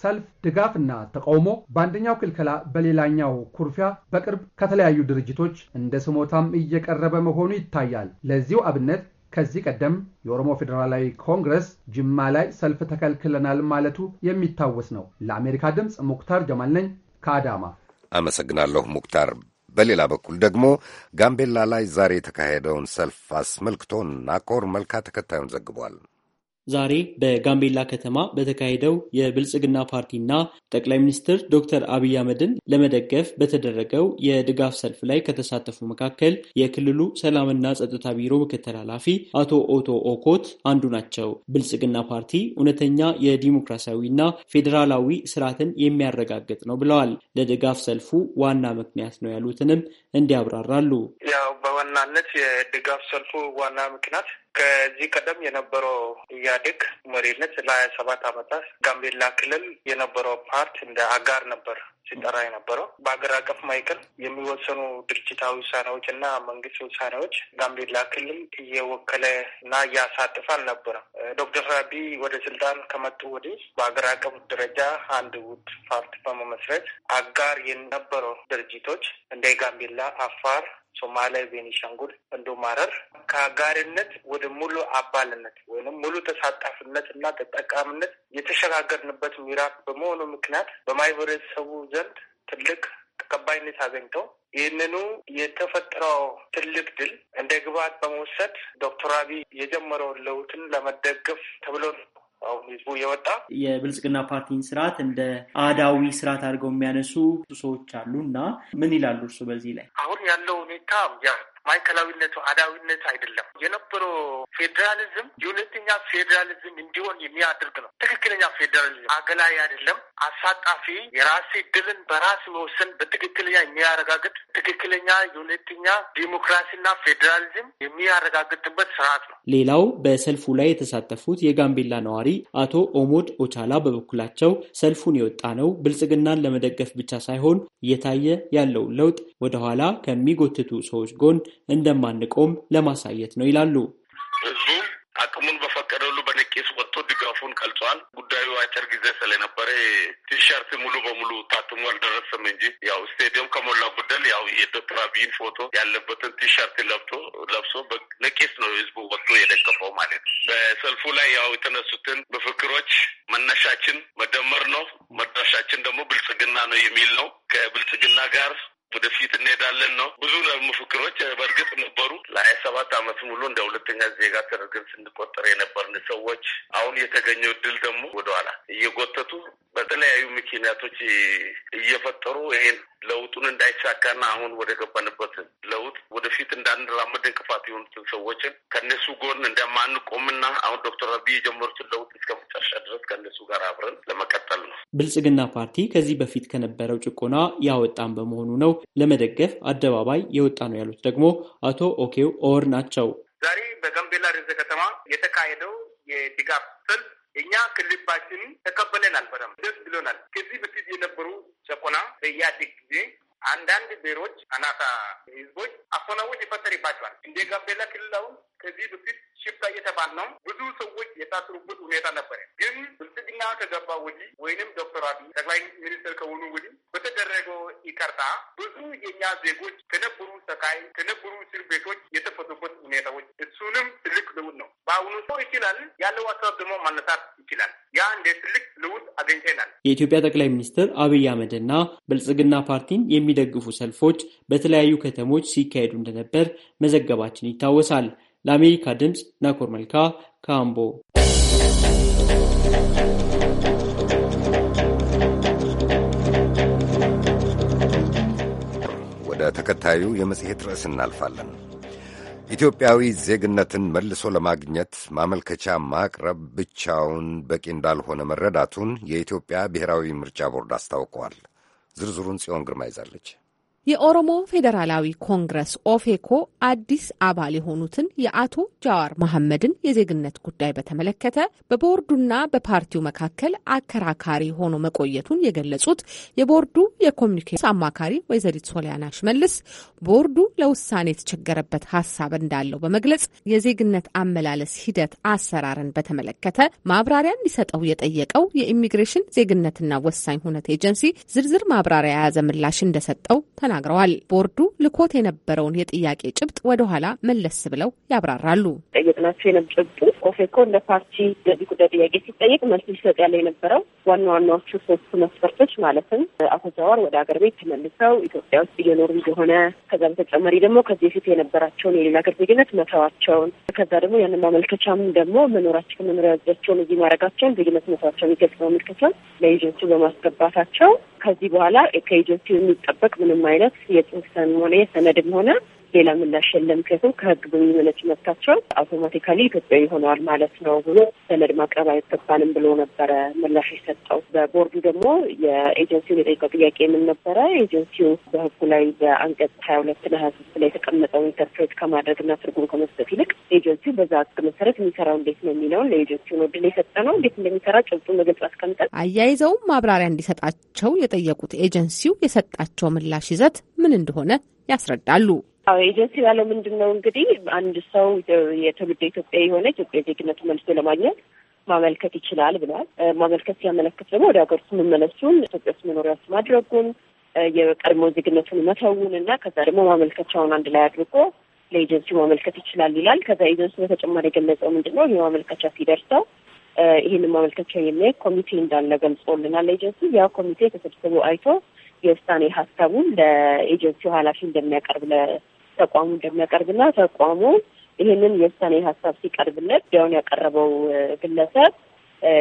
I: ሰልፍ፣ ድጋፍና ተቃውሞ በአንደኛው ክልከላ፣ በሌላኛው ኩርፊያ በቅርብ ከተለያዩ ድርጅቶች እንደ ስሞታም እየቀረበ መሆኑ ይታያል። ለዚሁ አብነት ከዚህ ቀደም የኦሮሞ ፌዴራላዊ ኮንግረስ ጅማ ላይ ሰልፍ ተከልክለናል ማለቱ የሚታወስ ነው። ለአሜሪካ ድምፅ ሙክታር ጀማል ነኝ ከአዳማ
A: አመሰግናለሁ ሙክታር። በሌላ በኩል ደግሞ ጋምቤላ ላይ ዛሬ የተካሄደውን ሰልፍ አስመልክቶ ናኮር መልካ ተከታዩን ዘግቧል።
L: ዛሬ በጋምቤላ ከተማ በተካሄደው የብልጽግና ፓርቲና ጠቅላይ ሚኒስትር ዶክተር አብይ አህመድን ለመደገፍ በተደረገው የድጋፍ ሰልፍ ላይ ከተሳተፉ መካከል የክልሉ ሰላምና ጸጥታ ቢሮ ምክትል ኃላፊ አቶ ኦቶ ኦኮት አንዱ ናቸው። ብልጽግና ፓርቲ እውነተኛ የዲሞክራሲያዊና ፌዴራላዊ ስርዓትን የሚያረጋግጥ ነው ብለዋል። ለድጋፍ ሰልፉ ዋና ምክንያት ነው ያሉትንም እንዲያብራራሉ። ያው
M: በዋናነት የድጋፍ ሰልፉ ዋና ምክንያት ከዚህ ቀደም የነበረው ኢህአዴግ መሪነት ለሀያ ሰባት አመታት ጋምቤላ ክልል የነበረው ፓርት እንደ አጋር ነበር ሲጠራ የነበረው በሀገር አቀፍ ማዕከል የሚወሰኑ ድርጅታዊ ውሳኔዎች እና መንግስት ውሳኔዎች ጋምቤላ ክልል እየወከለ እና እያሳተፈ አልነበረም። ዶክተር አብይ ወደ ስልጣን ከመጡ ወዲህ በሀገር አቀፍ ደረጃ አንድ ውድ ፓርቲ በመመስረት አጋር የነበረው ድርጅቶች እንደ ጋምቤላ፣ አፋር ሶማሊያ፣ ቤኒሻንጉል እንዶ ማረር ከአጋርነት ወደ ሙሉ አባልነት ወይም ሙሉ ተሳታፊነት እና ተጠቃሚነት የተሸጋገርንበት ምዕራፍ በመሆኑ ምክንያት በማህበረሰቡ ዘንድ ትልቅ ተቀባይነት አገኝተው ይህንኑ የተፈጠረው ትልቅ ድል እንደ ግብዓት በመውሰድ ዶክተር አብይ የጀመረውን ለውጥን ለመደገፍ ተብሎ አሁን ህዝቡ እየወጣ
L: የብልጽግና ፓርቲን ስርዓት እንደ አዳዊ ስርዓት አድርገው የሚያነሱ ሰዎች አሉ እና ምን ይላሉ እርሱ በዚህ ላይ አሁን ያለው ሁኔታ
M: ማዕከላዊነቱ አዳዊነት አይደለም። የነበረው ፌዴራሊዝም የሁለተኛ ፌዴራሊዝም እንዲሆን የሚያደርግ ነው። ትክክለኛ ፌዴራሊዝም አገላይ አይደለም፣ አሳጣፊ የራሲ ድልን በራስ መወሰን በትክክለኛ የሚያረጋግጥ ትክክለኛ የሁለተኛ
L: ዲሞክራሲና ፌዴራሊዝም የሚያረጋግጥበት ስርዓት ነው። ሌላው በሰልፉ ላይ የተሳተፉት የጋምቤላ ነዋሪ አቶ ኦሞድ ኦቻላ በበኩላቸው ሰልፉን የወጣ ነው ብልጽግናን ለመደገፍ ብቻ ሳይሆን እየታየ ያለውን ለውጥ ወደኋላ ከሚጎትቱ ሰዎች ጎን እንደማንቆም ለማሳየት ነው ይላሉ። ህዝቡም አቅሙን በፈቀደ ሁሉ በነቂስ ወጥቶ
F: ድጋፉን ገልጿል። ጉዳዩ አጭር ጊዜ ስለነበረ ቲሸርት ሙሉ በሙሉ ታትሞ አልደረሰም እንጂ ያው ስቴዲየም ከሞላ ጎደል ያው የዶክተር አብይን ፎቶ ያለበትን ቲሸርት ለብቶ ለብሶ በነቂስ ነው ህዝቡ ወጥቶ የደገፈው ማለት ነው። በሰልፉ ላይ ያው የተነሱትን ምፍክሮች መነሻችን መደመር ነው፣ መድረሻችን ደግሞ ብልጽግና ነው የሚል ነው። ከብልጽግና ጋር ወደፊት እንሄዳለን ነው። ብዙ ምፍክሮች በእርግጥ ነበሩ። ለሀያ ሰባት አመት ሙሉ እንደ ሁለተኛ ዜጋ ተደርገን ስንቆጠር የነበርን ሰዎች አሁን የተገኘው እድል ደግሞ ወደኋላ እየጎተቱ በተለያዩ ምክንያቶች እየፈጠሩ ይሄን ለውጡን እንዳይሳካና አሁን ወደ ገባንበት ለውጥ ወደፊት እንዳንራመድ እንቅፋት የሆኑትን ሰዎችን ከእነሱ ጎን እንደማንቆምና አሁን ዶክተር አብይ የጀመሩትን ለውጥ እስከ መጨረሻ ድረስ ከእነሱ ጋር
L: አብረን ለመቀጠል ነው። ብልጽግና ፓርቲ ከዚህ በፊት ከነበረው ጭቆና ያወጣን በመሆኑ ነው ለመደገፍ አደባባይ የወጣ ነው ያሉት ደግሞ አቶ ኦኬው ኦወር ናቸው። ዛሬ በጋምቤላ ርዕሰ ከተማ የተካሄደው
M: የድጋፍ ሰልፍ እኛ ክልባችን ተቀበለናል። በጣም ደስ ብሎናል። ከዚህ በፊት የነበሩ ጨቆና በኢህአዴግ ጊዜ አንዳንድ ብሔሮች፣ አናሳ ህዝቦች አፈናዎች ይፈጠርባቸዋል። እንደ ጋምቤላ ክልላውን ከዚህ በፊት ሽፍታ እየተባል ነው ብዙ ሰዎች የታስሩበት ሁኔታ ነበረ። ግን ብልጽግና ከገባ ወዲህ ወይንም ዶክተር አብይ ጠቅላይ ሚኒስትር ከሆኑ ወዲህ በተደረገው ይቀርታ ብዙ የኛ ዜጎች ከነበሩ ሰቃይ ከነበሩ እስር ቤቶች የተፈቱበት ሁኔታዎች እሱንም ትልቅ ልውጥ ነው። በአሁኑ ሰው ይችላል
L: ያለው አሰብ ደግሞ ማነሳት ይችላል። ያ እንደ ትልቅ ልውጥ አገኝተናል። የኢትዮጵያ ጠቅላይ ሚኒስትር አብይ አህመድና ብልጽግና ፓርቲን የሚደግፉ ሰልፎች በተለያዩ ከተሞች ሲካሄዱ እንደነበር መዘገባችን ይታወሳል። ለአሜሪካ ድምፅ ናኮር መልካ ካምቦ።
A: ተከታዩ የመጽሔት ርዕስ እናልፋለን። ኢትዮጵያዊ ዜግነትን መልሶ ለማግኘት ማመልከቻ ማቅረብ ብቻውን በቂ እንዳልሆነ መረዳቱን የኢትዮጵያ ብሔራዊ ምርጫ ቦርድ አስታውቀዋል። ዝርዝሩን ጽዮን ግርማ ይዛለች።
N: የኦሮሞ ፌዴራላዊ ኮንግረስ ኦፌኮ አዲስ አባል የሆኑትን የአቶ ጃዋር መሐመድን የዜግነት ጉዳይ በተመለከተ በቦርዱና በፓርቲው መካከል አከራካሪ ሆኖ መቆየቱን የገለጹት የቦርዱ የኮሚኒኬሽን አማካሪ ወይዘሪት ሶሊያና ሽመልስ ቦርዱ ለውሳኔ የተቸገረበት ሀሳብ እንዳለው በመግለጽ የዜግነት አመላለስ ሂደት አሰራርን በተመለከተ ማብራሪያ እንዲሰጠው የጠየቀው የኢሚግሬሽን ዜግነትና ወሳኝ ሁነት ኤጀንሲ ዝርዝር ማብራሪያ የያዘ ምላሽ እንደሰጠው ተናግረዋል። ተናግረዋል። ቦርዱ ልኮት የነበረውን የጥያቄ ጭብጥ ወደኋላ መለስ ብለው ያብራራሉ።
D: ጠየቅናቸው የነብ ጭብጡ ኮፌኮ እንደ ፓርቲ ለዚህ ጉዳይ ጥያቄ ሲጠየቅ መልስ ሊሰጥ ያለ የነበረው ዋና ዋናዎቹ ሶስቱ መስፈርቶች ማለትም አቶ ጃዋር ወደ ሀገር ቤት ተመልሰው ኢትዮጵያ ውስጥ እየኖሩ እንደሆነ፣ ከዛ በተጨማሪ ደግሞ ከዚህ በፊት የነበራቸውን የሌላ ሀገር ዜግነት መተዋቸውን፣ ከዛ ደግሞ ያንን ማመልከቻም ደግሞ መኖራቸው ከመኖሪያ ያዛቸውን እዚህ ማድረጋቸውን ዜግነት መተዋቸውን የሚገልጽ ማመልከቻ ለኤጀንቱ በማስገባታቸው ከዚህ በኋላ ከኤጀንሲው የሚጠበቅ ምንም አይነት ሆነ የሰነድም ሆነ ሌላ ምላሽ የለም ምክንያቱም ከህግ በሚመለች መብታቸው አውቶማቲካሊ ኢትዮጵያዊ ሆነዋል ማለት ነው ብሎ ሰነድ ማቅረብ አይገባንም ብሎ ነበረ ምላሽ የሰጠው። በቦርዱ ደግሞ የኤጀንሲውን የጠየቀው ጥያቄ የምን ነበረ? ኤጀንሲው በህጉ ላይ በአንቀጽ ሀያ ሁለት ና ሀያ ሶስት ላይ የተቀመጠው ኢንተርፕሬት ከማድረግ ና ትርጉም ከመስጠት ይልቅ ኤጀንሲው በዛ ህግ መሰረት የሚሰራው እንዴት ነው የሚለውን ለኤጀንሲውን ወድል የሰጠ ነው። እንዴት
N: እንደሚሰራ ጭብጡ በግልጽ አስቀምጠን አያይዘውም ማብራሪያ እንዲሰጣቸው የጠየቁት ኤጀንሲው የሰጣቸው ምላሽ ይዘት ምን እንደሆነ ያስረዳሉ።
D: አዎ ኤጀንሲ ያለው ምንድን ነው እንግዲህ አንድ ሰው የትውልድ ኢትዮጵያ የሆነ ኢትዮጵያ ዜግነቱ መልሶ ለማግኘት ማመልከት ይችላል ብሏል። ማመልከት ሲያመለክት ደግሞ ወደ ሀገር ውስጥ መመለሱን፣ ኢትዮጵያ ውስጥ መኖሪያ ውስጥ ማድረጉን፣ የቀድሞ ዜግነቱን መተውን እና ከዛ ደግሞ ማመልከቻውን አንድ ላይ አድርጎ ለኤጀንሲው ማመልከት ይችላል ይላል። ከዛ ኤጀንሲ በተጨማሪ የገለጸው ምንድን ነው ይህ ማመልከቻ ሲደርሰው ይህንን ማመልከቻ የሚያይ ኮሚቴ እንዳለ ገልጾልናል ኤጀንሲ። ያ ኮሚቴ ተሰብስቦ አይቶ የውሳኔ ሀሳቡን ለኤጀንሲው ኃላፊ እንደሚያቀርብ ለተቋሙ እንደሚያቀርብና ተቋሙ ይህንን የውሳኔ ሀሳብ ሲቀርብለት ዲያውን ያቀረበው ግለሰብ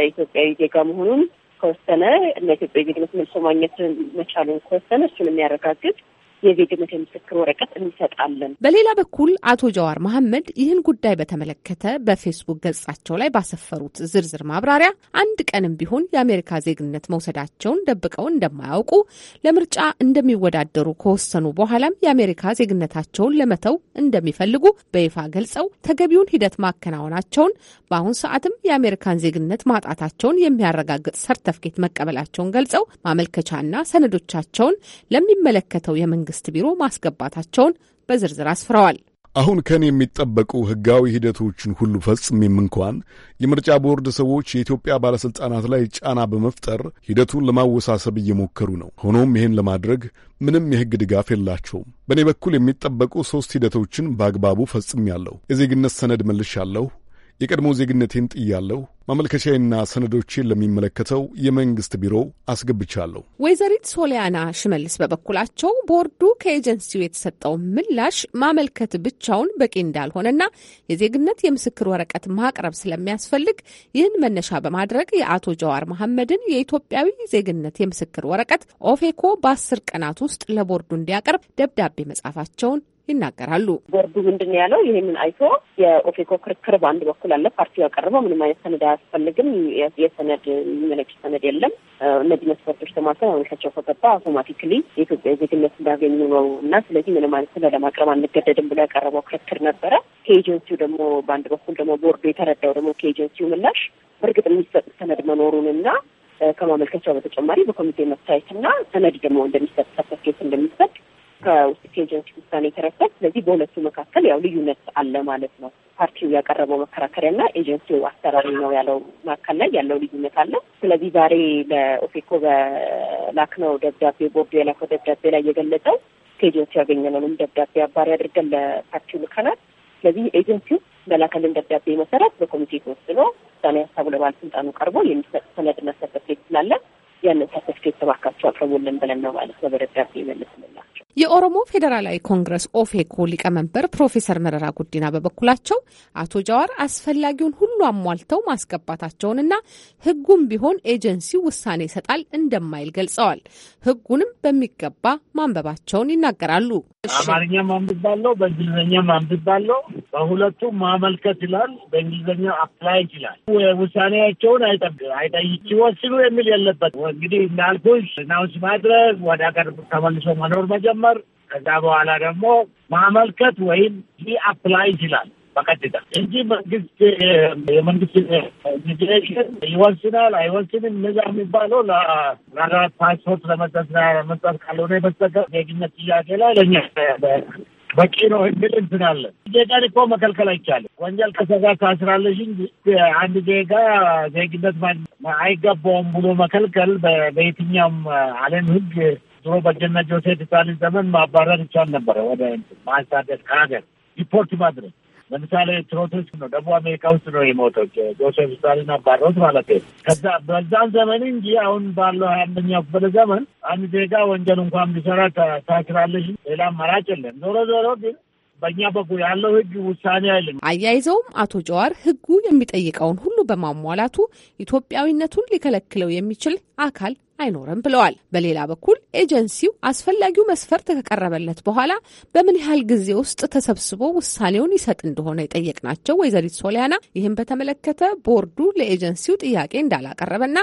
D: ኢትዮጵያዊ ዜጋ መሆኑን ከወሰነ እና ኢትዮጵያዊ ዜግነት መልሶ ማግኘት መቻሉን ከወሰነ እሱን የሚያረጋግጥ የዜግነት የምስክር ወረቀት እንሰጣለን።
N: በሌላ በኩል አቶ ጀዋር መሐመድ ይህን ጉዳይ በተመለከተ በፌስቡክ ገጻቸው ላይ ባሰፈሩት ዝርዝር ማብራሪያ አንድ ቀንም ቢሆን የአሜሪካ ዜግነት መውሰዳቸውን ደብቀው እንደማያውቁ፣ ለምርጫ እንደሚወዳደሩ ከወሰኑ በኋላም የአሜሪካ ዜግነታቸውን ለመተው እንደሚፈልጉ በይፋ ገልጸው ተገቢውን ሂደት ማከናወናቸውን፣ በአሁን ሰዓትም የአሜሪካን ዜግነት ማጣታቸውን የሚያረጋግጥ ሰርተፍኬት መቀበላቸውን ገልጸው ማመልከቻና ሰነዶቻቸውን ለሚመለከተው የመንግስት መንግስት ቢሮ ማስገባታቸውን በዝርዝር አስፍረዋል።
L: አሁን ከን
F: የሚጠበቁ ህጋዊ ሂደቶችን ሁሉ ፈጽሜም እንኳን የምርጫ ቦርድ ሰዎች የኢትዮጵያ ባለሥልጣናት ላይ ጫና በመፍጠር ሂደቱን ለማወሳሰብ እየሞከሩ ነው። ሆኖም ይህን ለማድረግ ምንም የህግ ድጋፍ የላቸውም። በእኔ በኩል የሚጠበቁ ሦስት ሂደቶችን በአግባቡ ፈጽሜያለሁ። የዜግነት ሰነድ መልሻለሁ፣ የቀድሞ ዜግነቴን ጥያለሁ። ማመልከቻዬና ሰነዶቼን ለሚመለከተው የመንግስት ቢሮ አስገብቻለሁ።
N: ወይዘሪት ሶሊያና ሽመልስ በበኩላቸው ቦርዱ ከኤጀንሲው የተሰጠው ምላሽ ማመልከት ብቻውን በቂ እንዳልሆነና የዜግነት የምስክር ወረቀት ማቅረብ ስለሚያስፈልግ ይህን መነሻ በማድረግ የአቶ ጀዋር መሐመድን የኢትዮጵያዊ ዜግነት የምስክር ወረቀት ኦፌኮ በአስር ቀናት ውስጥ ለቦርዱ እንዲያቀርብ ደብዳቤ መጻፋቸውን ይናገራሉ። ቦርዱ ምንድን ያለው
D: ይህንን አይቶ የኦፌኮ ክርክር በአንድ በኩል አለ። ፓርቲው ያቀረበው ምንም አይነት ሰነድ አያስፈልግም፣ የሰነድ የሚመለክ ሰነድ የለም። እነዚህ መስፈርቶች ተሟልተው ማመልከቻው ከገባ አውቶማቲክሊ የኢትዮጵያ ዜግነት እንዳገኙ ነው እና ስለዚህ ምንም አይነት ሰነድ ለማቅረብ አንገደድም ብሎ ያቀረበው ክርክር ነበረ። ከኤጀንሲው ደግሞ በአንድ በኩል ደግሞ ቦርዱ የተረዳው ደግሞ ከኤጀንሲው ምላሽ በእርግጥ የሚሰጥ ሰነድ መኖሩንና ከማመልከቻው በተጨማሪ በኮሚቴ መታየትና ሰነድ ደግሞ እንደሚሰጥ ሰርተፍኬት እንደሚሰጥ ከውስጥ ኤጀንሲ ውሳኔ የተረፈል። ስለዚህ በሁለቱ መካከል ያው ልዩነት አለ ማለት ነው። ፓርቲው ያቀረበው መከራከሪያና ኤጀንሲው አሰራሪ ነው ያለው መካከል ላይ ያለው ልዩነት አለ። ስለዚህ ዛሬ ለኦፌኮ በላክነው ደብዳቤ ቦርዱ የላከው ደብዳቤ ላይ የገለጸው ከኤጀንሲ ያገኘነውንም ደብዳቤ አባሪ አድርገን ለፓርቲው ልከናል። ስለዚህ ኤጀንሲው በላከልን ደብዳቤ መሰረት በኮሚቴ ተወስኖ ውሳኔ ሀሳቡ ለባለስልጣኑ ቀርቦ የሚሰጥ ሰነድና ሰርተፍኬት ስላለ ያንን ሰርተፍኬት ተባካቸው አቅርቡልን ብለን ነው ማለት ነው በደብዳቤ
B: መልስልናል።
N: የኦሮሞ ፌዴራላዊ ኮንግረስ ኦፌኮ ሊቀመንበር ፕሮፌሰር መረራ ጉዲና በበኩላቸው አቶ ጃዋር አስፈላጊውን ሁሉ አሟልተው ማስገባታቸውንና ሕጉም ቢሆን ኤጀንሲ ውሳኔ ይሰጣል እንደማይል ገልጸዋል። ሕጉንም በሚገባ ማንበባቸውን ይናገራሉ። አማርኛ ማንብባለው፣ በእንግሊዝኛ ማንብባለው።
O: በሁለቱም ማመልከት ይላል፣ በእንግሊዝኛ አፕላይ ይችላል። ውሳኔያቸውን አይጠብ አይጠይቅ ሲወስኑ የሚል የለበት እንግዲህ እንዳልኩሽ ናውንስ ማድረግ ወደ ሀገር ተመልሶ መኖር መጀመ መጀመር ከዛ በኋላ ደግሞ ማመልከት ወይም አፕላይ ይችላል በቀጥታ እንጂ መንግስት የመንግስት ኢሚግሬሽን ይወስናል አይወስንም እነዛ የሚባለው ለሀገራት ፓስፖርት ለመስጠትና ለመስጠት ካልሆነ በስተቀር ዜግነት ጥያቄ ላይ ለእኛ በቂ ነው የሚል እንትን አለ። ዜጋን እኮ መከልከል አይቻልም። ወንጀል ከሰራ ታስራለሽ እንጂ አንድ ዜጋ ዜግነት አይገባውም ብሎ መከልከል በየትኛውም ዓለም ህግ ድሮ በጀነት ጆሴ ስታሊን ዘመን ማባረር ይቻል ነበረ፣ ወደ ማሳደድ ከሀገር ዲፖርት ማድረግ። ለምሳሌ ትሮትስክ ነው ደቡብ አሜሪካ ውስጥ ነው የሞተው ጆሴፍ ስታሊን አባረሩት ማለት ከዛ በዛን ዘመን እንጂ አሁን ባለው ሀያ አንደኛው ክፍለ ዘመን አንድ ዜጋ ወንጀል እንኳን
N: ቢሰራ ታስራለሽ፣ ሌላ አማራጭ የለም። ዞሮ ዞሮ ግን በእኛ በኩል ያለው ህግ ውሳኔ አይልም። አያይዘውም አቶ ጀዋር ህጉ የሚጠይቀውን ሁሉ በማሟላቱ ኢትዮጵያዊነቱን ሊከለክለው የሚችል አካል አይኖርም ብለዋል። በሌላ በኩል ኤጀንሲው አስፈላጊው መስፈርት ከቀረበለት በኋላ በምን ያህል ጊዜ ውስጥ ተሰብስቦ ውሳኔውን ይሰጥ እንደሆነ የጠየቅናቸው ወይዘሪት ሶሊያና ይህም በተመለከተ ቦርዱ ለኤጀንሲው ጥያቄ እንዳላቀረበና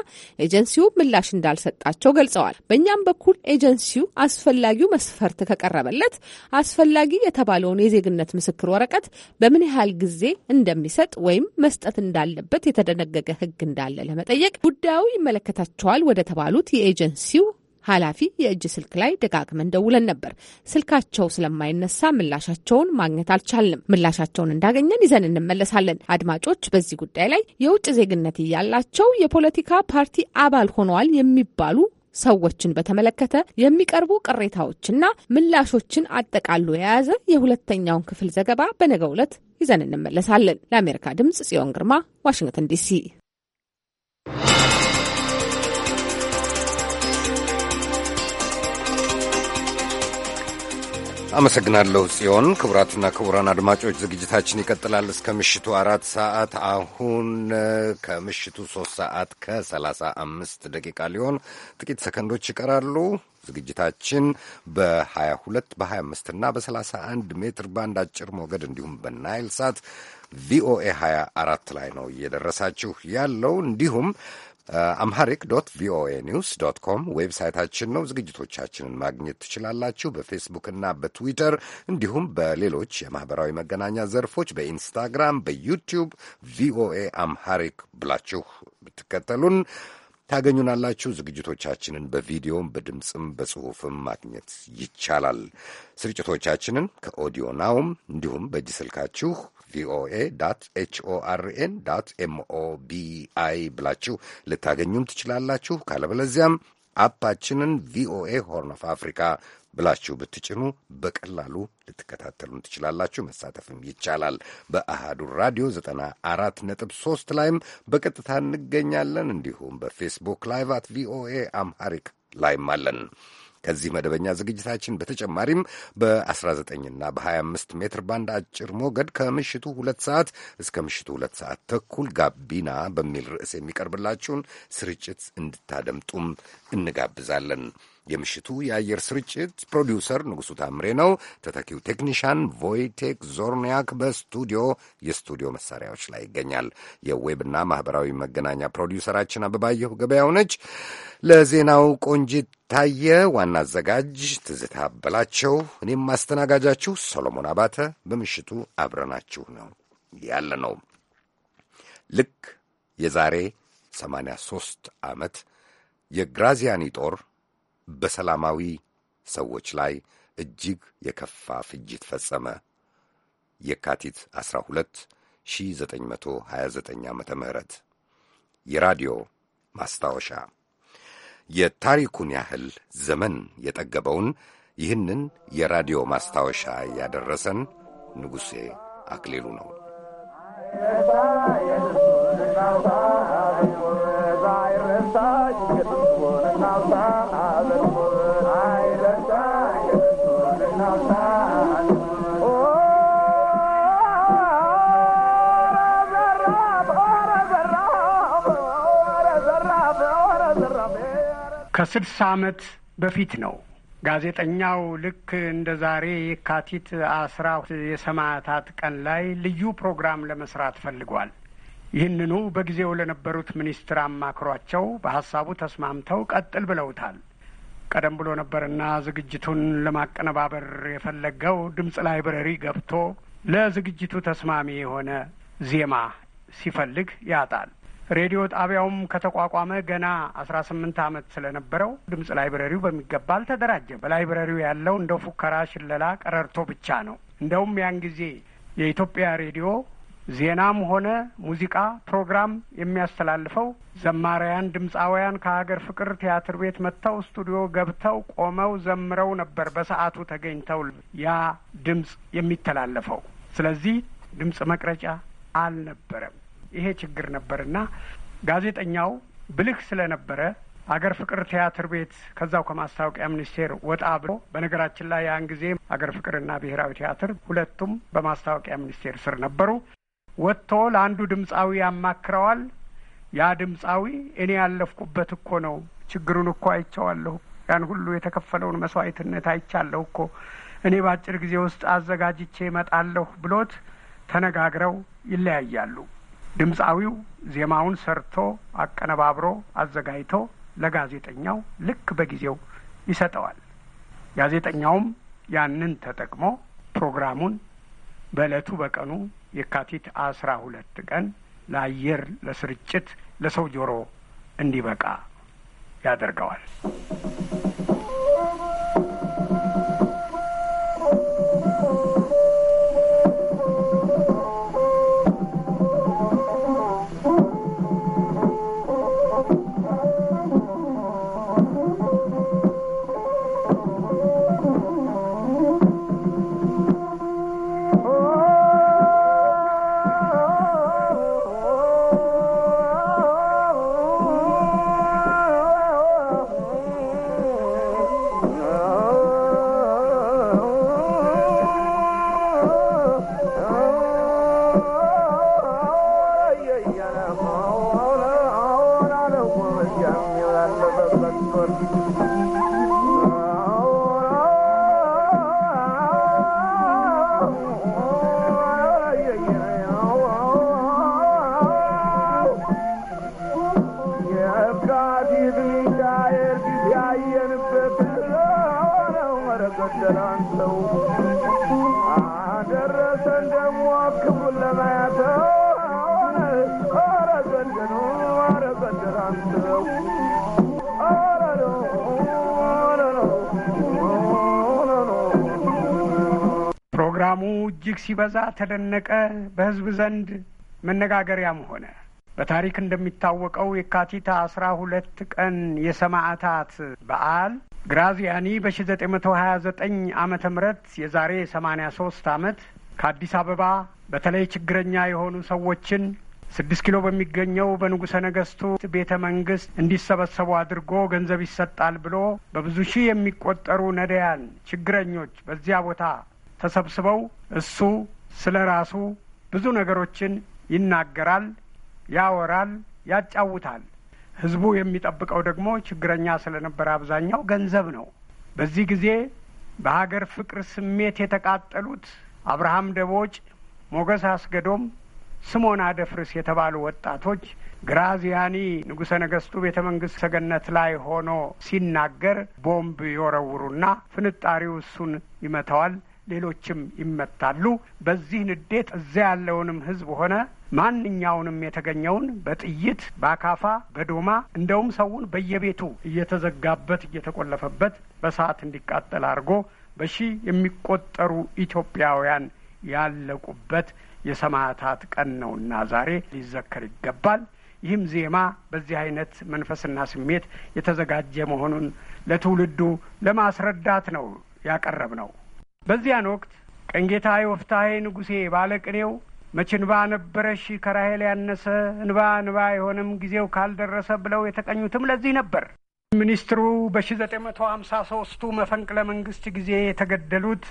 N: ኤጀንሲው ምላሽ እንዳልሰጣቸው ገልጸዋል። በእኛም በኩል ኤጀንሲው አስፈላጊው መስፈርት ከቀረበለት አስፈላጊ የተባለውን የዜግነት ምስክር ወረቀት በምን ያህል ጊዜ እንደሚሰጥ ወይም መስጠት እንዳለበት የተደነገገ ሕግ እንዳለ ለመጠየቅ ጉዳዩ ይመለከታቸዋል ወደ ተባሉት የደወልኩት የኤጀንሲው ኃላፊ የእጅ ስልክ ላይ ደጋግመን ደውለን ነበር። ስልካቸው ስለማይነሳ ምላሻቸውን ማግኘት አልቻልንም። ምላሻቸውን እንዳገኘን ይዘን እንመለሳለን። አድማጮች፣ በዚህ ጉዳይ ላይ የውጭ ዜግነት እያላቸው የፖለቲካ ፓርቲ አባል ሆነዋል የሚባሉ ሰዎችን በተመለከተ የሚቀርቡ ቅሬታዎችና ምላሾችን አጠቃሎ የያዘ የሁለተኛውን ክፍል ዘገባ በነገው ዕለት ይዘን እንመለሳለን። ለአሜሪካ ድምጽ ጽዮን ግርማ ዋሽንግተን ዲሲ
A: አመሰግናለሁ ጽዮን። ክቡራትና ክቡራን አድማጮች ዝግጅታችን ይቀጥላል እስከ ምሽቱ አራት ሰዓት። አሁን ከምሽቱ ሶስት ሰዓት ከሰላሳ አምስት ደቂቃ ሊሆን ጥቂት ሰከንዶች ይቀራሉ። ዝግጅታችን በ22 በ25 እና በ31 ሜትር ባንድ አጭር ሞገድ እንዲሁም በናይል ሳት ቪኦኤ 24 ላይ ነው እየደረሳችሁ ያለው እንዲሁም አምሐሪክ ዶት ቪኦኤ ኒውስ ዶት ኮም ዌብሳይታችን ነው። ዝግጅቶቻችንን ማግኘት ትችላላችሁ። በፌስቡክና በትዊተር እንዲሁም በሌሎች የማኅበራዊ መገናኛ ዘርፎች በኢንስታግራም፣ በዩቲዩብ ቪኦኤ አምሐሪክ ብላችሁ ብትከተሉን ታገኙናላችሁ። ዝግጅቶቻችንን በቪዲዮም በድምፅም በጽሑፍም ማግኘት ይቻላል። ስርጭቶቻችንን ከኦዲዮ ናውም እንዲሁም በእጅ ስልካችሁ ቪኦኤ ኤችኦአርኤን ኤምኦቢአይ ብላችሁ ልታገኙም ትችላላችሁ። ካለበለዚያም አፓችንን ቪኦኤ ሆርን ኦፍ አፍሪካ ብላችሁ ብትጭኑ በቀላሉ ልትከታተሉን ትችላላችሁ። መሳተፍም ይቻላል። በአሃዱ ራዲዮ 94.3 ላይም በቀጥታ እንገኛለን። እንዲሁም በፌስቡክ ላይቭ አት ቪኦኤ አምሃሪክ ላይም አለን። ከዚህ መደበኛ ዝግጅታችን በተጨማሪም በ19ና በ25 ሜትር ባንድ አጭር ሞገድ ከምሽቱ ሁለት ሰዓት እስከ ምሽቱ ሁለት ሰዓት ተኩል ጋቢና በሚል ርዕስ የሚቀርብላችሁን ስርጭት እንድታደምጡም እንጋብዛለን። የምሽቱ የአየር ስርጭት ፕሮዲውሰር ንጉሡ ታምሬ ነው። ተተኪው ቴክኒሻን ቮይቴክ ዞርኒያክ በስቱዲዮ የስቱዲዮ መሳሪያዎች ላይ ይገኛል። የዌብና ማኅበራዊ መገናኛ ፕሮዲውሰራችን አበባየሁ ገበያው ነች። ለዜናው ቆንጂት ታየ፣ ዋና አዘጋጅ ትዝታ በላቸው፣ እኔም አስተናጋጃችሁ ሰሎሞን አባተ በምሽቱ አብረናችሁ ነው ያለ ነው። ልክ የዛሬ 83 ዓመት የግራዚያኒ ጦር በሰላማዊ ሰዎች ላይ እጅግ የከፋ ፍጅት ፈጸመ። የካቲት 12 1929 ዓ ም የራዲዮ ማስታወሻ የታሪኩን ያህል ዘመን የጠገበውን ይህንን የራዲዮ ማስታወሻ ያደረሰን ንጉሴ አክሊሉ ነው።
E: ከስድሳ ዓመት በፊት ነው። ጋዜጠኛው ልክ እንደ ዛሬ የካቲት አስራ የሰማዕታት ቀን ላይ ልዩ ፕሮግራም ለመስራት ፈልጓል። ይህንኑ በጊዜው ለነበሩት ሚኒስትር አማክሯቸው በሀሳቡ ተስማምተው ቀጥል ብለውታል። ቀደም ብሎ ነበርና ዝግጅቱን ለማቀነባበር የፈለገው ድምፅ ላይብረሪ ገብቶ ለዝግጅቱ ተስማሚ የሆነ ዜማ ሲፈልግ ያጣል። ሬዲዮ ጣቢያውም ከተቋቋመ ገና አስራ ስምንት ዓመት ስለነበረው ድምፅ ላይብረሪው በሚገባ አልተደራጀም። በላይብረሪው ያለው እንደ ፉከራ፣ ሽለላ፣ ቀረርቶ ብቻ ነው። እንደውም ያን ጊዜ የኢትዮጵያ ሬዲዮ ዜናም ሆነ ሙዚቃ ፕሮግራም የሚያስተላልፈው ዘማሪያን ድምፃውያን ከሀገር ፍቅር ቲያትር ቤት መጥተው ስቱዲዮ ገብተው ቆመው ዘምረው ነበር በሰዓቱ ተገኝተው ያ ድምፅ የሚተላለፈው። ስለዚህ ድምፅ መቅረጫ አልነበረም። ይሄ ችግር ነበርና ጋዜጠኛው ብልህ ስለነበረ አገር ፍቅር ቲያትር ቤት ከዛው ከማስታወቂያ ሚኒስቴር ወጣ ብሎ፣ በነገራችን ላይ ያን ጊዜ አገር ፍቅርና ብሔራዊ ቲያትር ሁለቱም በማስታወቂያ ሚኒስቴር ስር ነበሩ። ወጥቶ ለአንዱ ድምፃዊ ያማክረዋል። ያ ድምፃዊ እኔ ያለፍኩበት እኮ ነው፣ ችግሩን እኮ አይቸዋለሁ። ያን ሁሉ የተከፈለውን መስዋዕትነት አይቻለሁ እኮ እኔ በአጭር ጊዜ ውስጥ አዘጋጅቼ እመጣለሁ ብሎት ተነጋግረው ይለያያሉ። ድምፃዊው ዜማውን ሰርቶ አቀነባብሮ አዘጋጅቶ ለጋዜጠኛው ልክ በጊዜው ይሰጠዋል። ጋዜጠኛውም ያንን ተጠቅሞ ፕሮግራሙን በእለቱ በቀኑ የካቲት አስራ ሁለት ቀን ለአየር ለስርጭት ለሰው ጆሮ እንዲበቃ ያደርገዋል። ሲበዛ ተደነቀ፣ በህዝብ ዘንድ መነጋገሪያም ሆነ። በታሪክ እንደሚታወቀው የካቲት አስራ ሁለት ቀን የሰማዕታት በዓል ግራዚያኒ በ1929 ዓመተ ምህረት የዛሬ 83 ዓመት ከአዲስ አበባ በተለይ ችግረኛ የሆኑ ሰዎችን ስድስት ኪሎ በሚገኘው በንጉሠ ነገሥቱ ቤተ መንግሥት እንዲሰበሰቡ አድርጎ ገንዘብ ይሰጣል ብሎ በብዙ ሺህ የሚቆጠሩ ነዳያን ችግረኞች በዚያ ቦታ ተሰብስበው እሱ ስለ ራሱ ብዙ ነገሮችን ይናገራል፣ ያወራል፣ ያጫውታል። ህዝቡ የሚጠብቀው ደግሞ ችግረኛ ስለነበረ አብዛኛው ገንዘብ ነው። በዚህ ጊዜ በሀገር ፍቅር ስሜት የተቃጠሉት አብርሃም ደቦጭ፣ ሞገስ አስገዶም፣ ስሞን አደፍርስ የተባሉ ወጣቶች ግራዚያኒ ንጉሠ ነገሥቱ ቤተ መንግሥት ሰገነት ላይ ሆኖ ሲናገር ቦምብ ይወረውሩና ፍንጣሪው እሱን ይመታዋል። ሌሎችም ይመታሉ። በዚህ ንዴት እዚያ ያለውንም ህዝብ ሆነ ማንኛውንም የተገኘውን በጥይት በአካፋ በዶማ እንደውም ሰውን በየቤቱ እየተዘጋበት እየተቆለፈበት በሰዓት እንዲቃጠል አድርጎ በሺ የሚቆጠሩ ኢትዮጵያውያን ያለቁበት የሰማዕታት ቀን ነውና ዛሬ ሊዘከር ይገባል። ይህም ዜማ በዚህ አይነት መንፈስና ስሜት የተዘጋጀ መሆኑን ለትውልዱ ለማስረዳት ነው ያቀረብ ነው። በዚያን ወቅት ቀንጌታ ወፍታሄ ንጉሴ ባለቅኔው መች እንባ ነበረሽ ከራሄል ያነሰ እንባ እንባ የሆነም ጊዜው ካልደረሰ ብለው የተቀኙትም ለዚህ ነበር። ሚኒስትሩ በሺ ዘጠኝ መቶ ሀምሳ ሶስቱ መፈንቅለ መንግስት ጊዜ የተገደሉት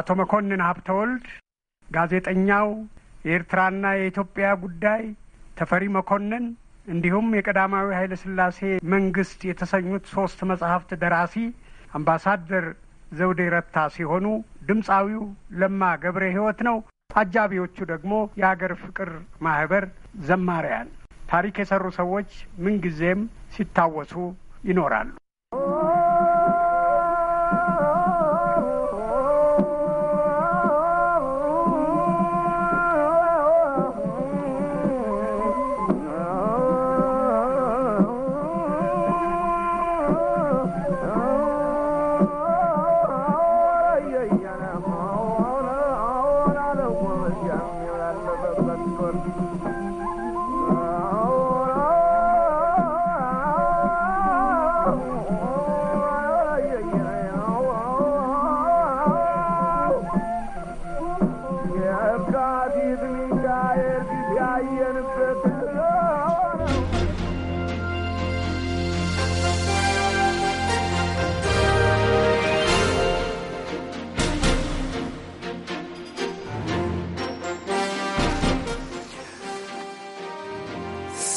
E: አቶ መኮንን ሀብተወልድ፣ ጋዜጠኛው፣ የኤርትራና የኢትዮጵያ ጉዳይ ተፈሪ መኮንን እንዲሁም የቀዳማዊ ኃይለ ስላሴ መንግስት የተሰኙት ሶስት መጽሐፍት ደራሲ አምባሳደር ዘውዴ ረታ ሲሆኑ ድምፃዊው ለማ ገብረ ሕይወት ነው። አጃቢዎቹ ደግሞ የሀገር ፍቅር ማህበር ዘማሪያን ታሪክ የሰሩ ሰዎች ምንጊዜም ሲታወሱ ይኖራሉ።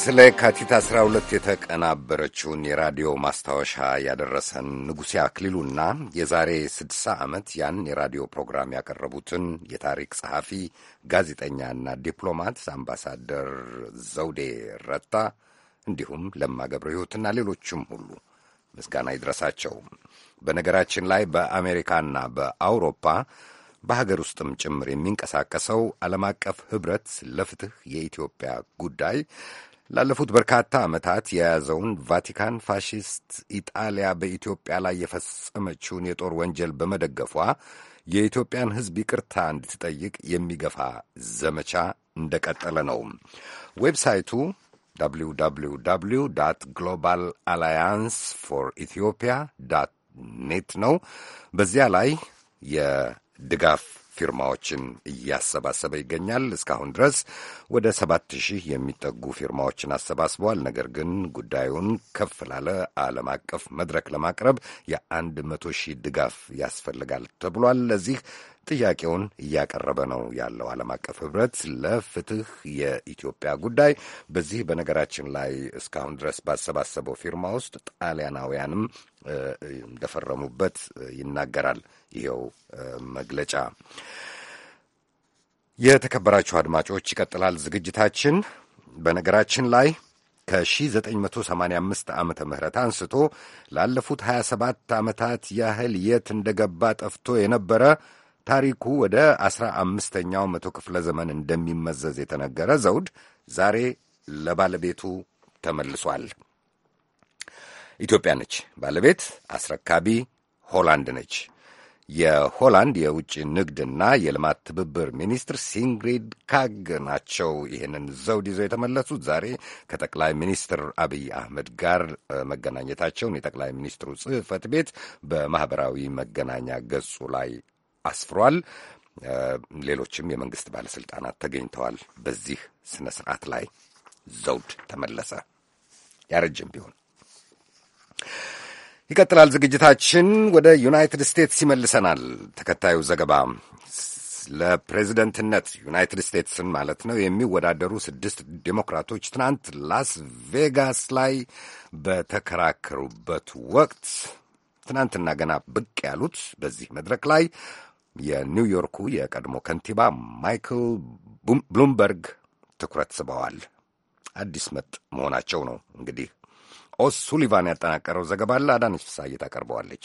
A: ስለ ካቲት 12 የተቀናበረችውን የራዲዮ ማስታወሻ ያደረሰን ንጉሴ አክሊሉና የዛሬ 60 ዓመት ያን የራዲዮ ፕሮግራም ያቀረቡትን የታሪክ ጸሐፊ ጋዜጠኛና ዲፕሎማት አምባሳደር ዘውዴ ረታ እንዲሁም ለማ ገብረ ሕይወትና ሌሎችም ሁሉ ምስጋና ይድረሳቸው። በነገራችን ላይ በአሜሪካና በአውሮፓ በሀገር ውስጥም ጭምር የሚንቀሳቀሰው ዓለም አቀፍ ኅብረት ለፍትሕ የኢትዮጵያ ጉዳይ ላለፉት በርካታ ዓመታት የያዘውን ቫቲካን ፋሽስት ኢጣሊያ በኢትዮጵያ ላይ የፈጸመችውን የጦር ወንጀል በመደገፏ የኢትዮጵያን ሕዝብ ይቅርታ እንድትጠይቅ የሚገፋ ዘመቻ እንደቀጠለ ነው። ዌብሳይቱ www ግሎባል አላያንስ ፎር ኢትዮጵያ ኔት ነው። በዚያ ላይ የድጋፍ ፊርማዎችን እያሰባሰበ ይገኛል። እስካሁን ድረስ ወደ ሰባት ሺህ የሚጠጉ ፊርማዎችን አሰባስበዋል። ነገር ግን ጉዳዩን ከፍ ላለ ዓለም አቀፍ መድረክ ለማቅረብ የአንድ መቶ ሺህ ድጋፍ ያስፈልጋል ተብሏል። ለዚህ ጥያቄውን እያቀረበ ነው ያለው ዓለም አቀፍ ህብረት ለፍትህ የኢትዮጵያ ጉዳይ። በዚህ በነገራችን ላይ እስካሁን ድረስ ባሰባሰበው ፊርማ ውስጥ ጣሊያናውያንም እንደፈረሙበት ይናገራል ይኸው መግለጫ። የተከበራችሁ አድማጮች ይቀጥላል ዝግጅታችን። በነገራችን ላይ ከ1985 ዓመተ ምህረት አንስቶ ላለፉት 27 ዓመታት ያህል የት እንደገባ ጠፍቶ የነበረ ታሪኩ ወደ አስራ አምስተኛው መቶ ክፍለ ዘመን እንደሚመዘዝ የተነገረ ዘውድ ዛሬ ለባለቤቱ ተመልሷል። ኢትዮጵያ ነች። ባለቤት አስረካቢ ሆላንድ ነች። የሆላንድ የውጭ ንግድና የልማት ትብብር ሚኒስትር ሲንግሪድ ካግ ናቸው። ይህንን ዘውድ ይዘው የተመለሱት ዛሬ ከጠቅላይ ሚኒስትር አብይ አህመድ ጋር መገናኘታቸውን የጠቅላይ ሚኒስትሩ ጽህፈት ቤት በማኅበራዊ መገናኛ ገጹ ላይ አስፍሯል። ሌሎችም የመንግሥት ባለሥልጣናት ተገኝተዋል። በዚህ ሥነ ሥርዓት ላይ ዘውድ ተመለሰ ያረጅም ቢሆን ይቀጥላል ዝግጅታችን። ወደ ዩናይትድ ስቴትስ ይመልሰናል። ተከታዩ ዘገባ ለፕሬዚደንትነት ዩናይትድ ስቴትስን ማለት ነው የሚወዳደሩ ስድስት ዴሞክራቶች ትናንት ላስ ቬጋስ ላይ በተከራከሩበት ወቅት ትናንትና ገና ብቅ ያሉት በዚህ መድረክ ላይ የኒውዮርኩ የቀድሞ ከንቲባ ማይክል ብሉምበርግ ትኩረት ስበዋል። አዲስ መጥ መሆናቸው ነው እንግዲህ ኦሱሊቫን ያጠናቀረው ዘገባ ለአዳነች ፍስሐዬ ታቀርበዋለች።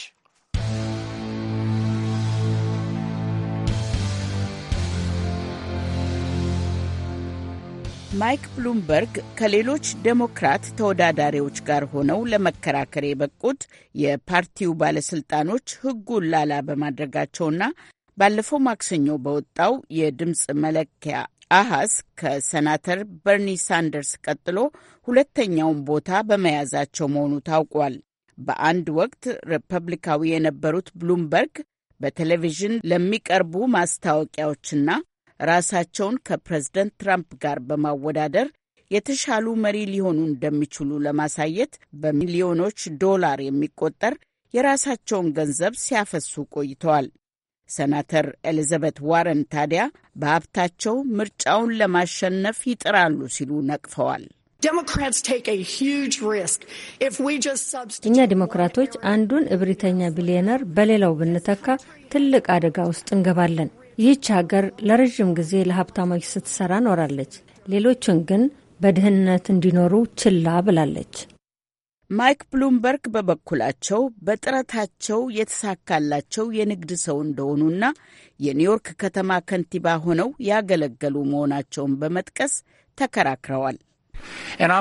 P: ማይክ ብሉምበርግ ከሌሎች ዴሞክራት ተወዳዳሪዎች ጋር ሆነው ለመከራከር የበቁት የፓርቲው ባለስልጣኖች ሕጉን ላላ በማድረጋቸውና ባለፈው ማክሰኞ በወጣው የድምፅ መለኪያ አሃስ ከሰናተር በርኒ ሳንደርስ ቀጥሎ ሁለተኛውን ቦታ በመያዛቸው መሆኑ ታውቋል። በአንድ ወቅት ሪፐብሊካዊ የነበሩት ብሉምበርግ በቴሌቪዥን ለሚቀርቡ ማስታወቂያዎችና ራሳቸውን ከፕሬዝደንት ትራምፕ ጋር በማወዳደር የተሻሉ መሪ ሊሆኑ እንደሚችሉ ለማሳየት በሚሊዮኖች ዶላር የሚቆጠር የራሳቸውን ገንዘብ ሲያፈሱ ቆይተዋል። ሰናተር ኤሊዛቤት ዋረን ታዲያ በሀብታቸው ምርጫውን ለማሸነፍ ይጥራሉ ሲሉ ነቅፈዋል።
B: እኛ ዲሞክራቶች አንዱን እብሪተኛ ቢሊዮነር በሌላው ብንተካ ትልቅ አደጋ ውስጥ እንገባለን። ይህች ሀገር ለረዥም ጊዜ ለሀብታሞች ስትሰራ ኖራለች፣ ሌሎችን ግን በድህነት እንዲኖሩ ችላ ብላለች።
P: ማይክ ብሉምበርግ በበኩላቸው በጥረታቸው የተሳካላቸው የንግድ ሰው እንደሆኑና የኒውዮርክ ከተማ ከንቲባ ሆነው ያገለገሉ መሆናቸውን በመጥቀስ ተከራክረዋል። እኔ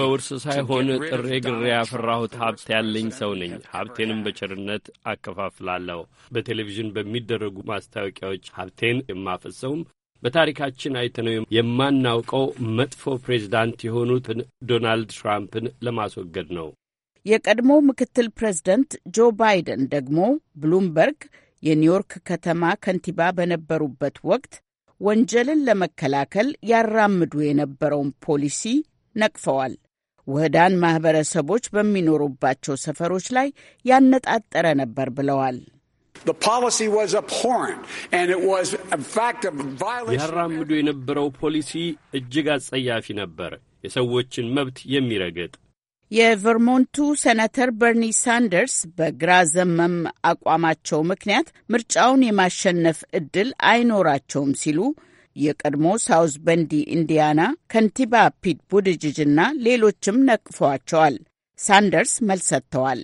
P: በውርስ ሳይሆን
C: ጥሬ ግሬ ያፈራሁት ሀብት ያለኝ ሰው ነኝ። ሀብቴንም በቸርነት አከፋፍላለሁ። በቴሌቪዥን በሚደረጉ ማስታወቂያዎች ሀብቴን የማፈሰውም በታሪካችን አይተነው የማናውቀው መጥፎ ፕሬዝዳንት የሆኑትን ዶናልድ ትራምፕን ለማስወገድ ነው።
P: የቀድሞው ምክትል ፕሬዝደንት ጆ ባይደን ደግሞ ብሉምበርግ የኒውዮርክ ከተማ ከንቲባ በነበሩበት ወቅት ወንጀልን ለመከላከል ያራምዱ የነበረውን ፖሊሲ ነቅፈዋል። ውህዳን ማኅበረሰቦች በሚኖሩባቸው ሰፈሮች ላይ ያነጣጠረ ነበር ብለዋል።
C: ያራምዱ የነበረው ፖሊሲ እጅግ አጸያፊ ነበር፣ የሰዎችን መብት የሚረግጥ።
P: የቨርሞንቱ ሴናተር በርኒ ሳንደርስ በግራ ዘመም አቋማቸው ምክንያት ምርጫውን የማሸነፍ እድል አይኖራቸውም ሲሉ የቀድሞ ሳውዝ በንዲ ኢንዲያና ከንቲባ ፒት ቡድጅጅና ሌሎችም ነቅፈዋቸዋል። ሳንደርስ መልስ ሰጥተዋል።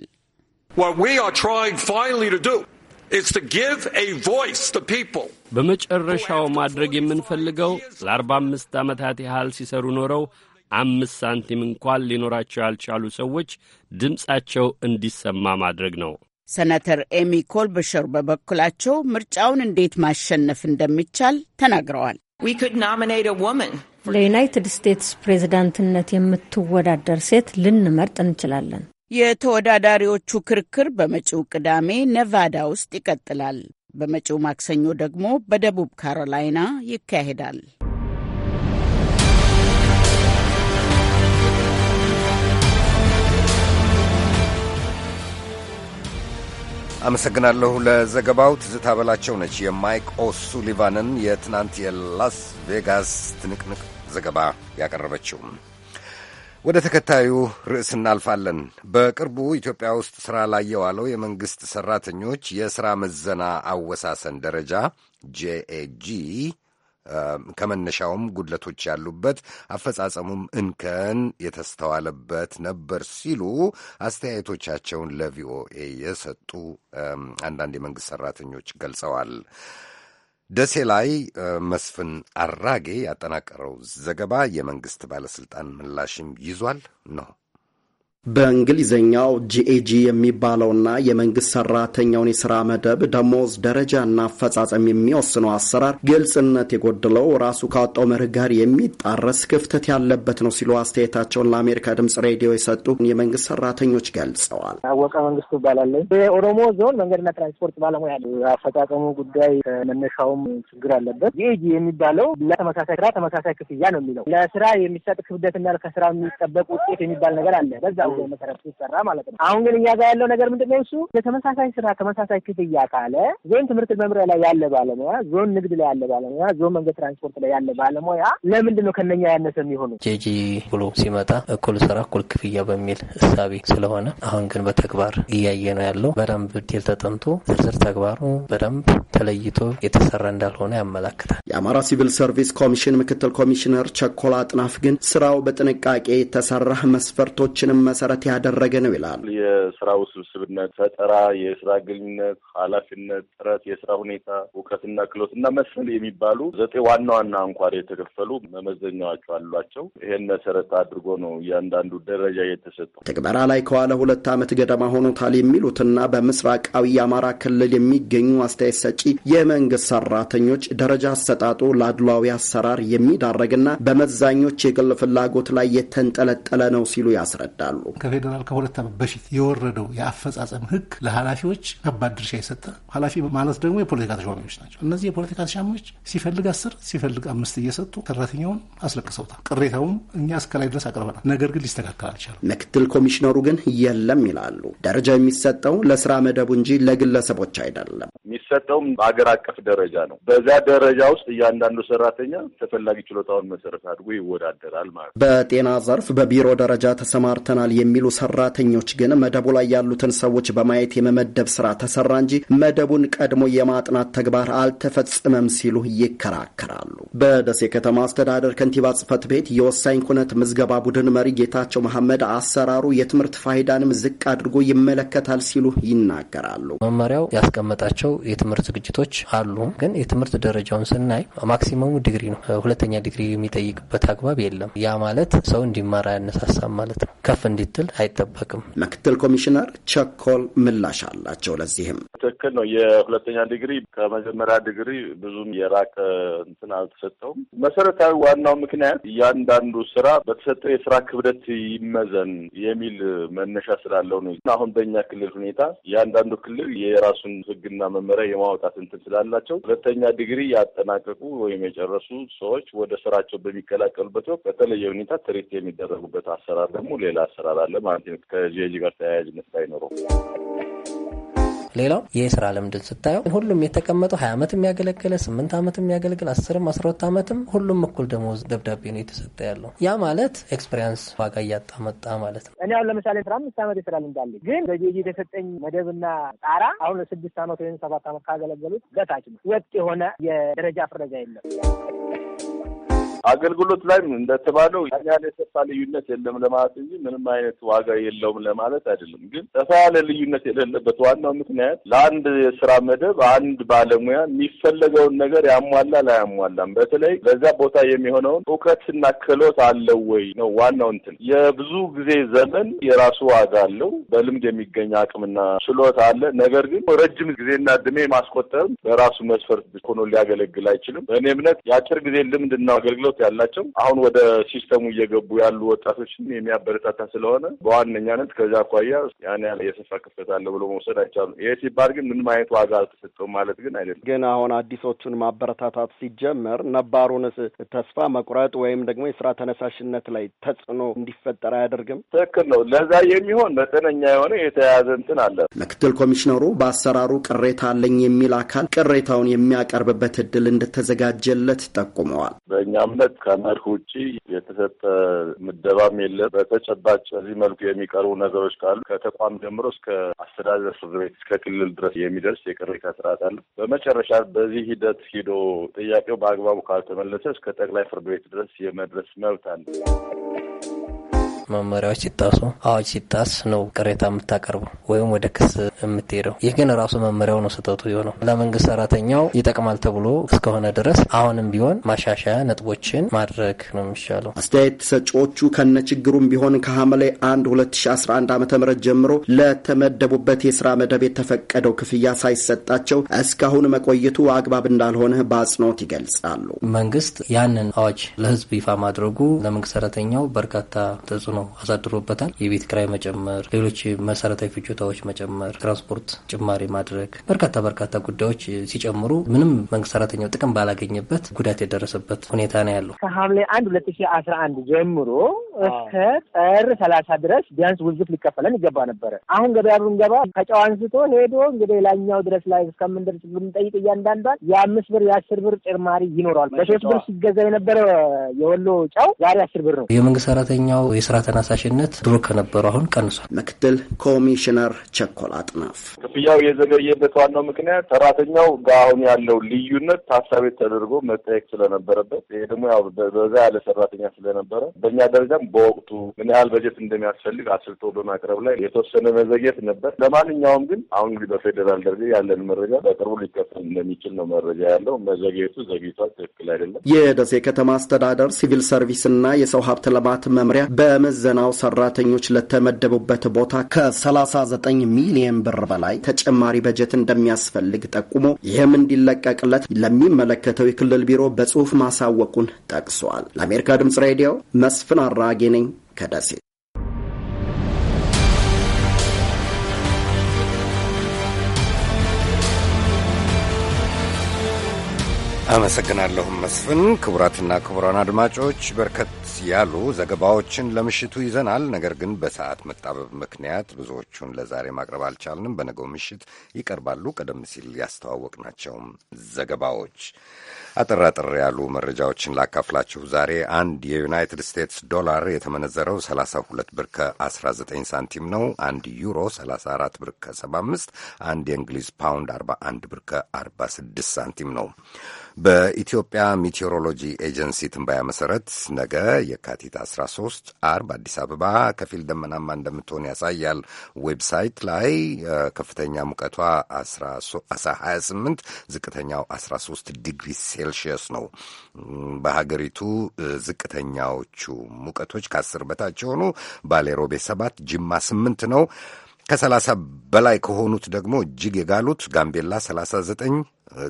P: በመጨረሻው ማድረግ
C: የምንፈልገው ለአርባ አምስት ዓመታት ያህል ሲሰሩ ኖረው አምስት ሳንቲም እንኳን ሊኖራቸው ያልቻሉ ሰዎች ድምፃቸው እንዲሰማ ማድረግ ነው።
P: ሰነተር ኤሚ ኮልበሸር በበኩላቸው ምርጫውን እንዴት ማሸነፍ እንደሚቻል ተናግረዋል።
B: ለዩናይትድ ስቴትስ ፕሬዝዳንትነት የምትወዳደር ሴት ልንመርጥ እንችላለን።
P: የተወዳዳሪዎቹ ክርክር በመጪው ቅዳሜ ነቫዳ ውስጥ ይቀጥላል። በመጪው ማክሰኞ ደግሞ በደቡብ ካሮላይና ይካሄዳል።
A: አመሰግናለሁ ለዘገባው። ትዝታ በላቸው ነች የማይክ ኦሱሊቫንን የትናንት የላስ ቬጋስ ትንቅንቅ ዘገባ ያቀረበችው። ወደ ተከታዩ ርዕስ እናልፋለን። በቅርቡ ኢትዮጵያ ውስጥ ሥራ ላይ የዋለው የመንግሥት ሠራተኞች የሥራ ምዘና አወሳሰን ደረጃ ጄኤጂ ከመነሻውም ጉድለቶች ያሉበት አፈጻጸሙም እንከን የተስተዋለበት ነበር ሲሉ አስተያየቶቻቸውን ለቪኦኤ የሰጡ አንዳንድ የመንግሥት ሠራተኞች ገልጸዋል። ደሴ ላይ መስፍን አራጌ ያጠናቀረው ዘገባ የመንግስት ባለስልጣን ምላሽም ይዟል ነው።
Q: በእንግሊዝኛው ጂኤጂ የሚባለውና የመንግስት ሰራተኛውን የስራ መደብ ደሞዝ ደረጃና አፈጻጸም የሚወስነው አሰራር ግልጽነት የጎደለው ራሱ ካወጣው መርህ ጋር የሚጣረስ ክፍተት ያለበት ነው ሲሉ አስተያየታቸውን ለአሜሪካ ድምጽ ሬዲዮ የሰጡ የመንግስት ሰራተኞች ገልጸዋል።
R: አወቀ መንግስቱ ይባላለሁ። የኦሮሞ ዞን መንገድና ትራንስፖርት ባለሙያ አፈጻጸሙ ጉዳይ ከመነሻውም ችግር አለበት። ጂኤጂ የሚባለው ለተመሳሳይ ስራ ተመሳሳይ ክፍያ ነው የሚለው ለስራ የሚሰጥ ክብደትና ከስራ የሚጠበቅ ውጤት የሚባል ነገር አለ በዛ ላይ መሰረት ሲሰራ ማለት ነው። አሁን ግን እኛ ጋር ያለው ነገር ምንድን ነው? እሱ ለተመሳሳይ ስራ ተመሳሳይ ክፍያ ካለ ዞን ትምህርት መምሪያ ላይ ያለ ባለሙያ፣ ዞን ንግድ ላይ ያለ ባለሙያ፣ ዞን መንገድ ትራንስፖርት ላይ ያለ ባለሙያ
J: ለምንድን ነው ከነኛ ያነሰ የሚሆኑ? ጄጂ ብሎ ሲመጣ እኩል ስራ እኩል ክፍያ በሚል እሳቤ ስለሆነ አሁን ግን በተግባር እያየ ነው ያለው። በደንብ ዲል ተጠምቶ ዝርዝር ተግባሩ በደንብ ተለይቶ የተሰራ እንዳልሆነ ያመላክታል።
Q: የአማራ ሲቪል ሰርቪስ ኮሚሽን ምክትል ኮሚሽነር ቸኮላ አጥናፍ ግን ስራው በጥንቃቄ የተሰራ መስፈርቶችንም መ መሰረት ያደረገ ነው ይላል።
F: የስራ ውስብስብነት፣ ፈጠራ፣ የስራ ግንኙነት፣ ኃላፊነት፣ ጥረት፣ የስራ ሁኔታ፣ እውቀትና ክሎት እና መሰል የሚባሉ ዘጠኝ ዋና ዋና አንኳር የተከፈሉ መመዘኛዎች አሏቸው። ይሄን መሰረት አድርጎ ነው እያንዳንዱ ደረጃ የተሰጠው።
Q: ትግበራ ላይ ከዋለ ሁለት ዓመት ገደማ ሆኖታል የሚሉትና በምስራቃዊ የአማራ ክልል የሚገኙ አስተያየት ሰጪ የመንግስት ሰራተኞች ደረጃ አሰጣጡ ለአድሏዊ አሰራር የሚዳረግና በመዛኞች የግል ፍላጎት ላይ የተንጠለጠለ ነው ሲሉ ያስረዳሉ።
I: ከፌዴራል ከሁለት ዓመት በፊት የወረደው የአፈጻጸም ህግ ለኃላፊዎች ከባድ ድርሻ የሰጠ ኃላፊ ማለት ደግሞ የፖለቲካ ተሿሚዎች ናቸው። እነዚህ የፖለቲካ ተሿሚዎች ሲፈልግ አስር ሲፈልግ አምስት እየሰጡ ሰራተኛውን አስለቅሰውታል። ቅሬታውም እኛ እስከላይ ድረስ አቅርበናል። ነገር ግን ሊስተካከል አልቻለም።
Q: ምክትል ኮሚሽነሩ ግን የለም ይላሉ። ደረጃ የሚሰጠው ለስራ መደቡ እንጂ ለግለሰቦች አይደለም።
F: የሚሰጠውም በአገር አቀፍ ደረጃ ነው። በዛ ደረጃ ውስጥ እያንዳንዱ ሰራተኛ ተፈላጊ ችሎታውን መሰረት አድርጎ ይወዳደራል ማለት ነው።
Q: በጤና ዘርፍ በቢሮ ደረጃ ተሰማርተናል የሚሉ ሰራተኞች ግን መደቡ ላይ ያሉትን ሰዎች በማየት የመመደብ ስራ ተሰራ እንጂ መደቡን ቀድሞ የማጥናት ተግባር አልተፈጸመም ሲሉ ይከራከራሉ። በደሴ ከተማ አስተዳደር ከንቲባ ጽህፈት ቤት የወሳኝ ኩነት ምዝገባ ቡድን መሪ ጌታቸው መሐመድ አሰራሩ የትምህርት ፋይዳንም ዝቅ አድርጎ ይመለከታል ሲሉ ይናገራሉ።
J: መመሪያው ያስቀመጣቸው የትምህርት ዝግጅቶች አሉ። ግን የትምህርት ደረጃውን ስናይ ማክሲመሙ ዲግሪ ነው። ሁለተኛ ዲግሪ የሚጠይቅበት አግባብ የለም። ያ ማለት ሰው እንዲማር አያነሳሳም ማለት ነው። ከፍ እንዲ እንድትል አይጠበቅም።
Q: ምክትል ኮሚሽነር ቸኮል ምላሽ አላቸው። ለዚህም
F: ትክክል ነው። የሁለተኛ ዲግሪ ከመጀመሪያ ዲግሪ ብዙም የራቀ እንትን አልተሰጠውም። መሰረታዊ ዋናው ምክንያት እያንዳንዱ ስራ በተሰጠው የስራ ክብደት ይመዘን የሚል መነሻ ስላለው ነው። አሁን በእኛ ክልል ሁኔታ እያንዳንዱ ክልል የራሱን ህግና መመሪያ የማውጣት እንትን ስላላቸው ሁለተኛ ዲግሪ ያጠናቀቁ ወይም የጨረሱ ሰዎች ወደ ስራቸው በሚቀላቀሉበት ወቅት በተለየ ሁኔታ ትሪት የሚደረጉበት አሰራር ደግሞ ሌላ አሰራር
J: አለ ማለት ነው። ከጂጂ ጋር ተያያዥነት ሳይኖረው ሌላው የስራ ልምድን ስታየው ሁሉም የተቀመጠው ሀያ አመት የሚያገለግለ ስምንት ዓመት የሚያገለግል አስርም አስራሁለት ዓመትም ሁሉም እኩል ደሞዝ ደብዳቤ ነው የተሰጠ ያለው። ያ ማለት ኤክስፔሪንስ ዋጋ እያጣ መጣ ማለት ነው።
R: እኔ አሁን ለምሳሌ አስራ አምስት ዓመት የስራ ልምድ አለኝ፣ ግን በጌጂ የተሰጠኝ መደብና ጣራ አሁን ስድስት አመት ወይም ሰባት ዓመት ካገለገሉት በታች ነው። ወጥ የሆነ የደረጃ ፍረጃ የለም።
F: አገልግሎት ላይም እንደተባለው ያን ያህል የሰፋ ልዩነት የለም ለማለት እንጂ ምንም አይነት ዋጋ የለውም ለማለት አይደለም። ግን ሰፋ ያለ ልዩነት የሌለበት ዋናው ምክንያት ለአንድ የስራ መደብ አንድ ባለሙያ የሚፈለገውን ነገር ያሟላ ላያሟላም። በተለይ በዛ ቦታ የሚሆነውን እውቀትና ክህሎት አለው ወይ ነው ዋናው እንትን። የብዙ ጊዜ ዘመን የራሱ ዋጋ አለው፣ በልምድ የሚገኝ አቅምና ችሎታ አለ። ነገር ግን ረጅም ጊዜና እድሜ ማስቆጠርም በራሱ መስፈርት ሆኖ ሊያገለግል አይችልም። በእኔ እምነት የአጭር ጊዜ ልምድና አገልግሎት ክህሎት ያላቸው አሁን ወደ ሲስተሙ እየገቡ ያሉ ወጣቶችን የሚያበረታታ ስለሆነ በዋነኛነት ከዛ አኳያ ያን ያህል የሰፋ ክፍተት አለ ብሎ መውሰድ አይቻሉም። ይህ ሲባል ግን ምንም አይነት ዋጋ አልተሰጠውም ማለት ግን
Q: አይደለም። ግን አሁን አዲሶቹን ማበረታታት ሲጀመር ነባሩንስ ተስፋ መቁረጥ ወይም ደግሞ የስራ ተነሳሽነት ላይ ተጽዕኖ እንዲፈጠር አያደርግም?
F: ትክክል ነው። ለዛ የሚሆን መጠነኛ የሆነ የተያያዘ እንትን አለ። ምክትል
Q: ኮሚሽነሩ በአሰራሩ ቅሬታ አለኝ የሚል አካል ቅሬታውን የሚያቀርብበት እድል እንደተዘጋጀለት ጠቁመዋል።
F: በእኛም በእውነት ከመድህ ውጭ የተሰጠ ምደባም የለም። በተጨባጭ በዚህ መልኩ የሚቀርቡ ነገሮች ካሉ ከተቋም ጀምሮ እስከ አስተዳደር ፍርድ ቤት እስከ ክልል ድረስ የሚደርስ የቅሬታ ስርዓት አለ። በመጨረሻ በዚህ ሂደት ሂዶ ጥያቄው በአግባቡ ካልተመለሰ እስከ ጠቅላይ ፍርድ ቤት ድረስ የመድረስ መብት አለ።
J: መመሪያዎች ሲጣሱ፣ አዋጅ ሲጣስ ነው ቅሬታ የምታቀርበው ወይም ወደ ክስ የምትሄደው። ይህ ግን ራሱ መመሪያው ነው ስህተቱ የሆነው። ለመንግስት ሰራተኛው ይጠቅማል ተብሎ እስከሆነ ድረስ አሁንም ቢሆን ማሻሻያ ነጥቦችን ማድረግ ነው የሚሻለው።
Q: አስተያየት ሰጪዎቹ ከነ ችግሩም ቢሆን ከሐምሌ 1 2011 ዓ ም ጀምሮ ለተመደቡበት የስራ መደብ የተፈቀደው ክፍያ ሳይሰጣቸው እስካሁን መቆየቱ አግባብ እንዳልሆነ በአጽንኦት ይገልጻሉ።
J: መንግስት ያንን አዋጅ ለህዝብ ይፋ ማድረጉ ለመንግስት ሰራተኛው በርካታ ተጽዕኖ ተጽዕኖ አሳድሮበታል። የቤት ክራይ መጨመር፣ ሌሎች መሰረታዊ ፍጆታዎች መጨመር፣ ትራንስፖርት ጭማሪ ማድረግ፣ በርካታ በርካታ ጉዳዮች ሲጨምሩ ምንም መንግስት ሰራተኛው ጥቅም ባላገኘበት ጉዳት የደረሰበት ሁኔታ ነው ያለው።
R: ከሐምሌ አንድ ሁለት ሺ አስራ አንድ ጀምሮ እስከ ጥር ሰላሳ ድረስ ቢያንስ ውዝፍ ሊከፈለን ይገባ ነበረ። አሁን ገበያ ብንገባ ከጨው አንስቶ ሄዶ እንግዲህ ላይኛው ድረስ ላይ እስከምንደርስ ብንጠይቅ እያንዳንዷን የአምስት ብር የአስር ብር ጭማሪ ይኖረዋል። በሶስት ብር ሲገዛ የነበረ የወሎ ጨው ዛሬ አስር ብር ነው።
J: የመንግስት ሰራተኛው የስራ ተነሳሽነት ድሮ ከነበሩ አሁን ቀንሷል። ምክትል ኮሚሽነር ቸኮል አጥናፍ
F: ክፍያው የዘገየበት ዋናው ምክንያት ሰራተኛው ጋር አሁን ያለው ልዩነት ታሳቢ ተደርጎ መጠየቅ ስለነበረበት ይሄ ደግሞ ያው በዛ ያለ ሰራተኛ ስለነበረ በእኛ ደረጃም በወቅቱ ምን ያህል በጀት እንደሚያስፈልግ አስልቶ በማቅረብ ላይ የተወሰነ መዘግየት ነበር። ለማንኛውም ግን አሁን እንግዲህ በፌዴራል ደረጃ ያለን መረጃ በቅርቡ ሊከፈል እንደሚችል ነው መረጃ ያለው። መዘግየቱ ዘግይቷል፣ ትክክል አይደለም።
Q: የደሴ ከተማ አስተዳደር ሲቪል ሰርቪስና የሰው ሀብት ልማት መምሪያ በመ ምዘናው ሰራተኞች ለተመደቡበት ቦታ ከ39 ሚሊየን ብር በላይ ተጨማሪ በጀት እንደሚያስፈልግ ጠቁሞ ይህም እንዲለቀቅለት ለሚመለከተው የክልል ቢሮ በጽሁፍ ማሳወቁን ጠቅሷል። ለአሜሪካ ድምጽ ሬዲዮ መስፍን አራጌ ነኝ ከደሴ።
A: አመሰግናለሁም መስፍን። ክቡራትና ክቡራን አድማጮች በርከት ያሉ ዘገባዎችን ለምሽቱ ይዘናል። ነገር ግን በሰዓት መጣበብ ምክንያት ብዙዎቹን ለዛሬ ማቅረብ አልቻልንም። በነገው ምሽት ይቀርባሉ። ቀደም ሲል ያስተዋወቅናቸውም ዘገባዎች አጠር አጠር ያሉ መረጃዎችን ላካፍላችሁ። ዛሬ አንድ የዩናይትድ ስቴትስ ዶላር የተመነዘረው 32 ብር ከ19 ሳንቲም ነው። አንድ ዩሮ 34 ብር ከ75፣ አንድ የእንግሊዝ ፓውንድ 41 ብር ከ46 ሳንቲም ነው። በኢትዮጵያ ሜቴሮሎጂ ኤጀንሲ ትንባያ መሰረት ነገ የካቲት 13 አርብ አዲስ አበባ ከፊል ደመናማ እንደምትሆን ያሳያል። ዌብሳይት ላይ ከፍተኛ ሙቀቷ 28፣ ዝቅተኛው 13 ዲግሪ ሴልሽየስ ነው። በሀገሪቱ ዝቅተኛዎቹ ሙቀቶች ከ በታች የሆኑ ባሌ ሮቤ 7፣ ጅማ 8 ነው። ከ30 በላይ ከሆኑት ደግሞ እጅግ የጋሉት ጋምቤላ 39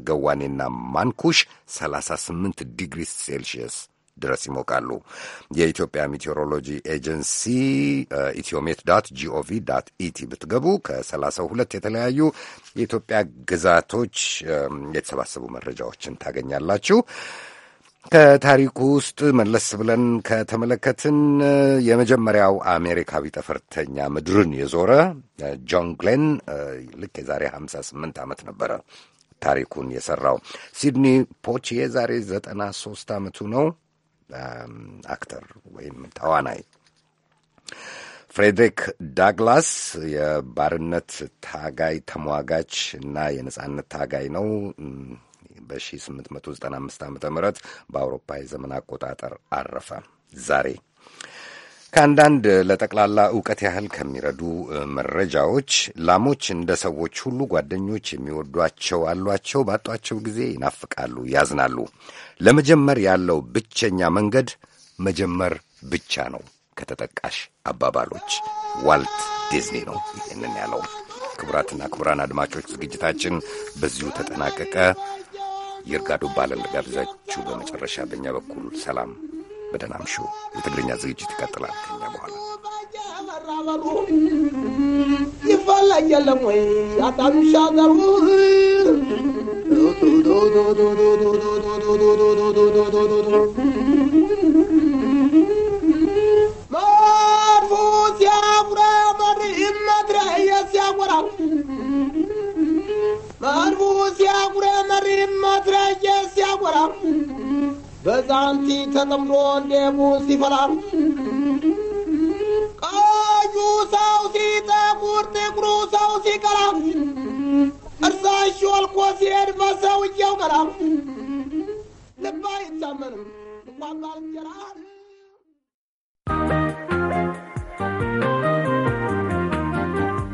A: ገዋኔና ማንኩሽ 38 ዲግሪ ሴልሽየስ ድረስ ይሞቃሉ። የኢትዮጵያ ሜቴሮሎጂ ኤጀንሲ ኢትዮሜት ዳት ጂኦቪ ዳት ኢቲ ብትገቡ ከ32 የተለያዩ የኢትዮጵያ ግዛቶች የተሰባሰቡ መረጃዎችን ታገኛላችሁ። ከታሪኩ ውስጥ መለስ ብለን ከተመለከትን የመጀመሪያው አሜሪካዊ ጠፈርተኛ ምድርን የዞረ ጆን ግሌን ልክ የዛሬ 58 ዓመት ነበረ ታሪኩን የሰራው ሲድኒ ፖች የዛሬ ዘጠና ሶስት ዓመቱ ነው። አክተር ወይም ተዋናይ ፍሬድሪክ ዳግላስ የባርነት ታጋይ ተሟጋች እና የነጻነት ታጋይ ነው። በ1895 ዓ ም በአውሮፓ የዘመን አቆጣጠር አረፈ ዛሬ ከአንዳንድ ለጠቅላላ እውቀት ያህል ከሚረዱ መረጃዎች ላሞች እንደ ሰዎች ሁሉ ጓደኞች የሚወዷቸው አሏቸው። ባጧቸው ጊዜ ይናፍቃሉ፣ ያዝናሉ። ለመጀመር ያለው ብቸኛ መንገድ መጀመር ብቻ ነው። ከተጠቃሽ አባባሎች ዋልት ዲዝኒ ነው ይህንን ያለው። ክቡራትና ክቡራን አድማጮች ዝግጅታችን በዚሁ ተጠናቀቀ። ይርጋዱ ባለን ልጋብዛችሁ። በመጨረሻ በእኛ በኩል ሰላም በደህና ምሹ። የትግርኛ ዝግጅት ይቀጥላል ከኛ
O: በኋላ ይፈለየለም ወይ አታምሻ Marvus, በዛንቲ ተጠምዶ እንደ ሙዝ ይፈላል። ቀዩ ሰው ሲጠቁር ጥቁሩ ሰው ሲቀላ እርሳሽ ወልቆ ሲሄድ በሰውየው ቀላ ልብ አይታመንም እንኳን ባልንጀራ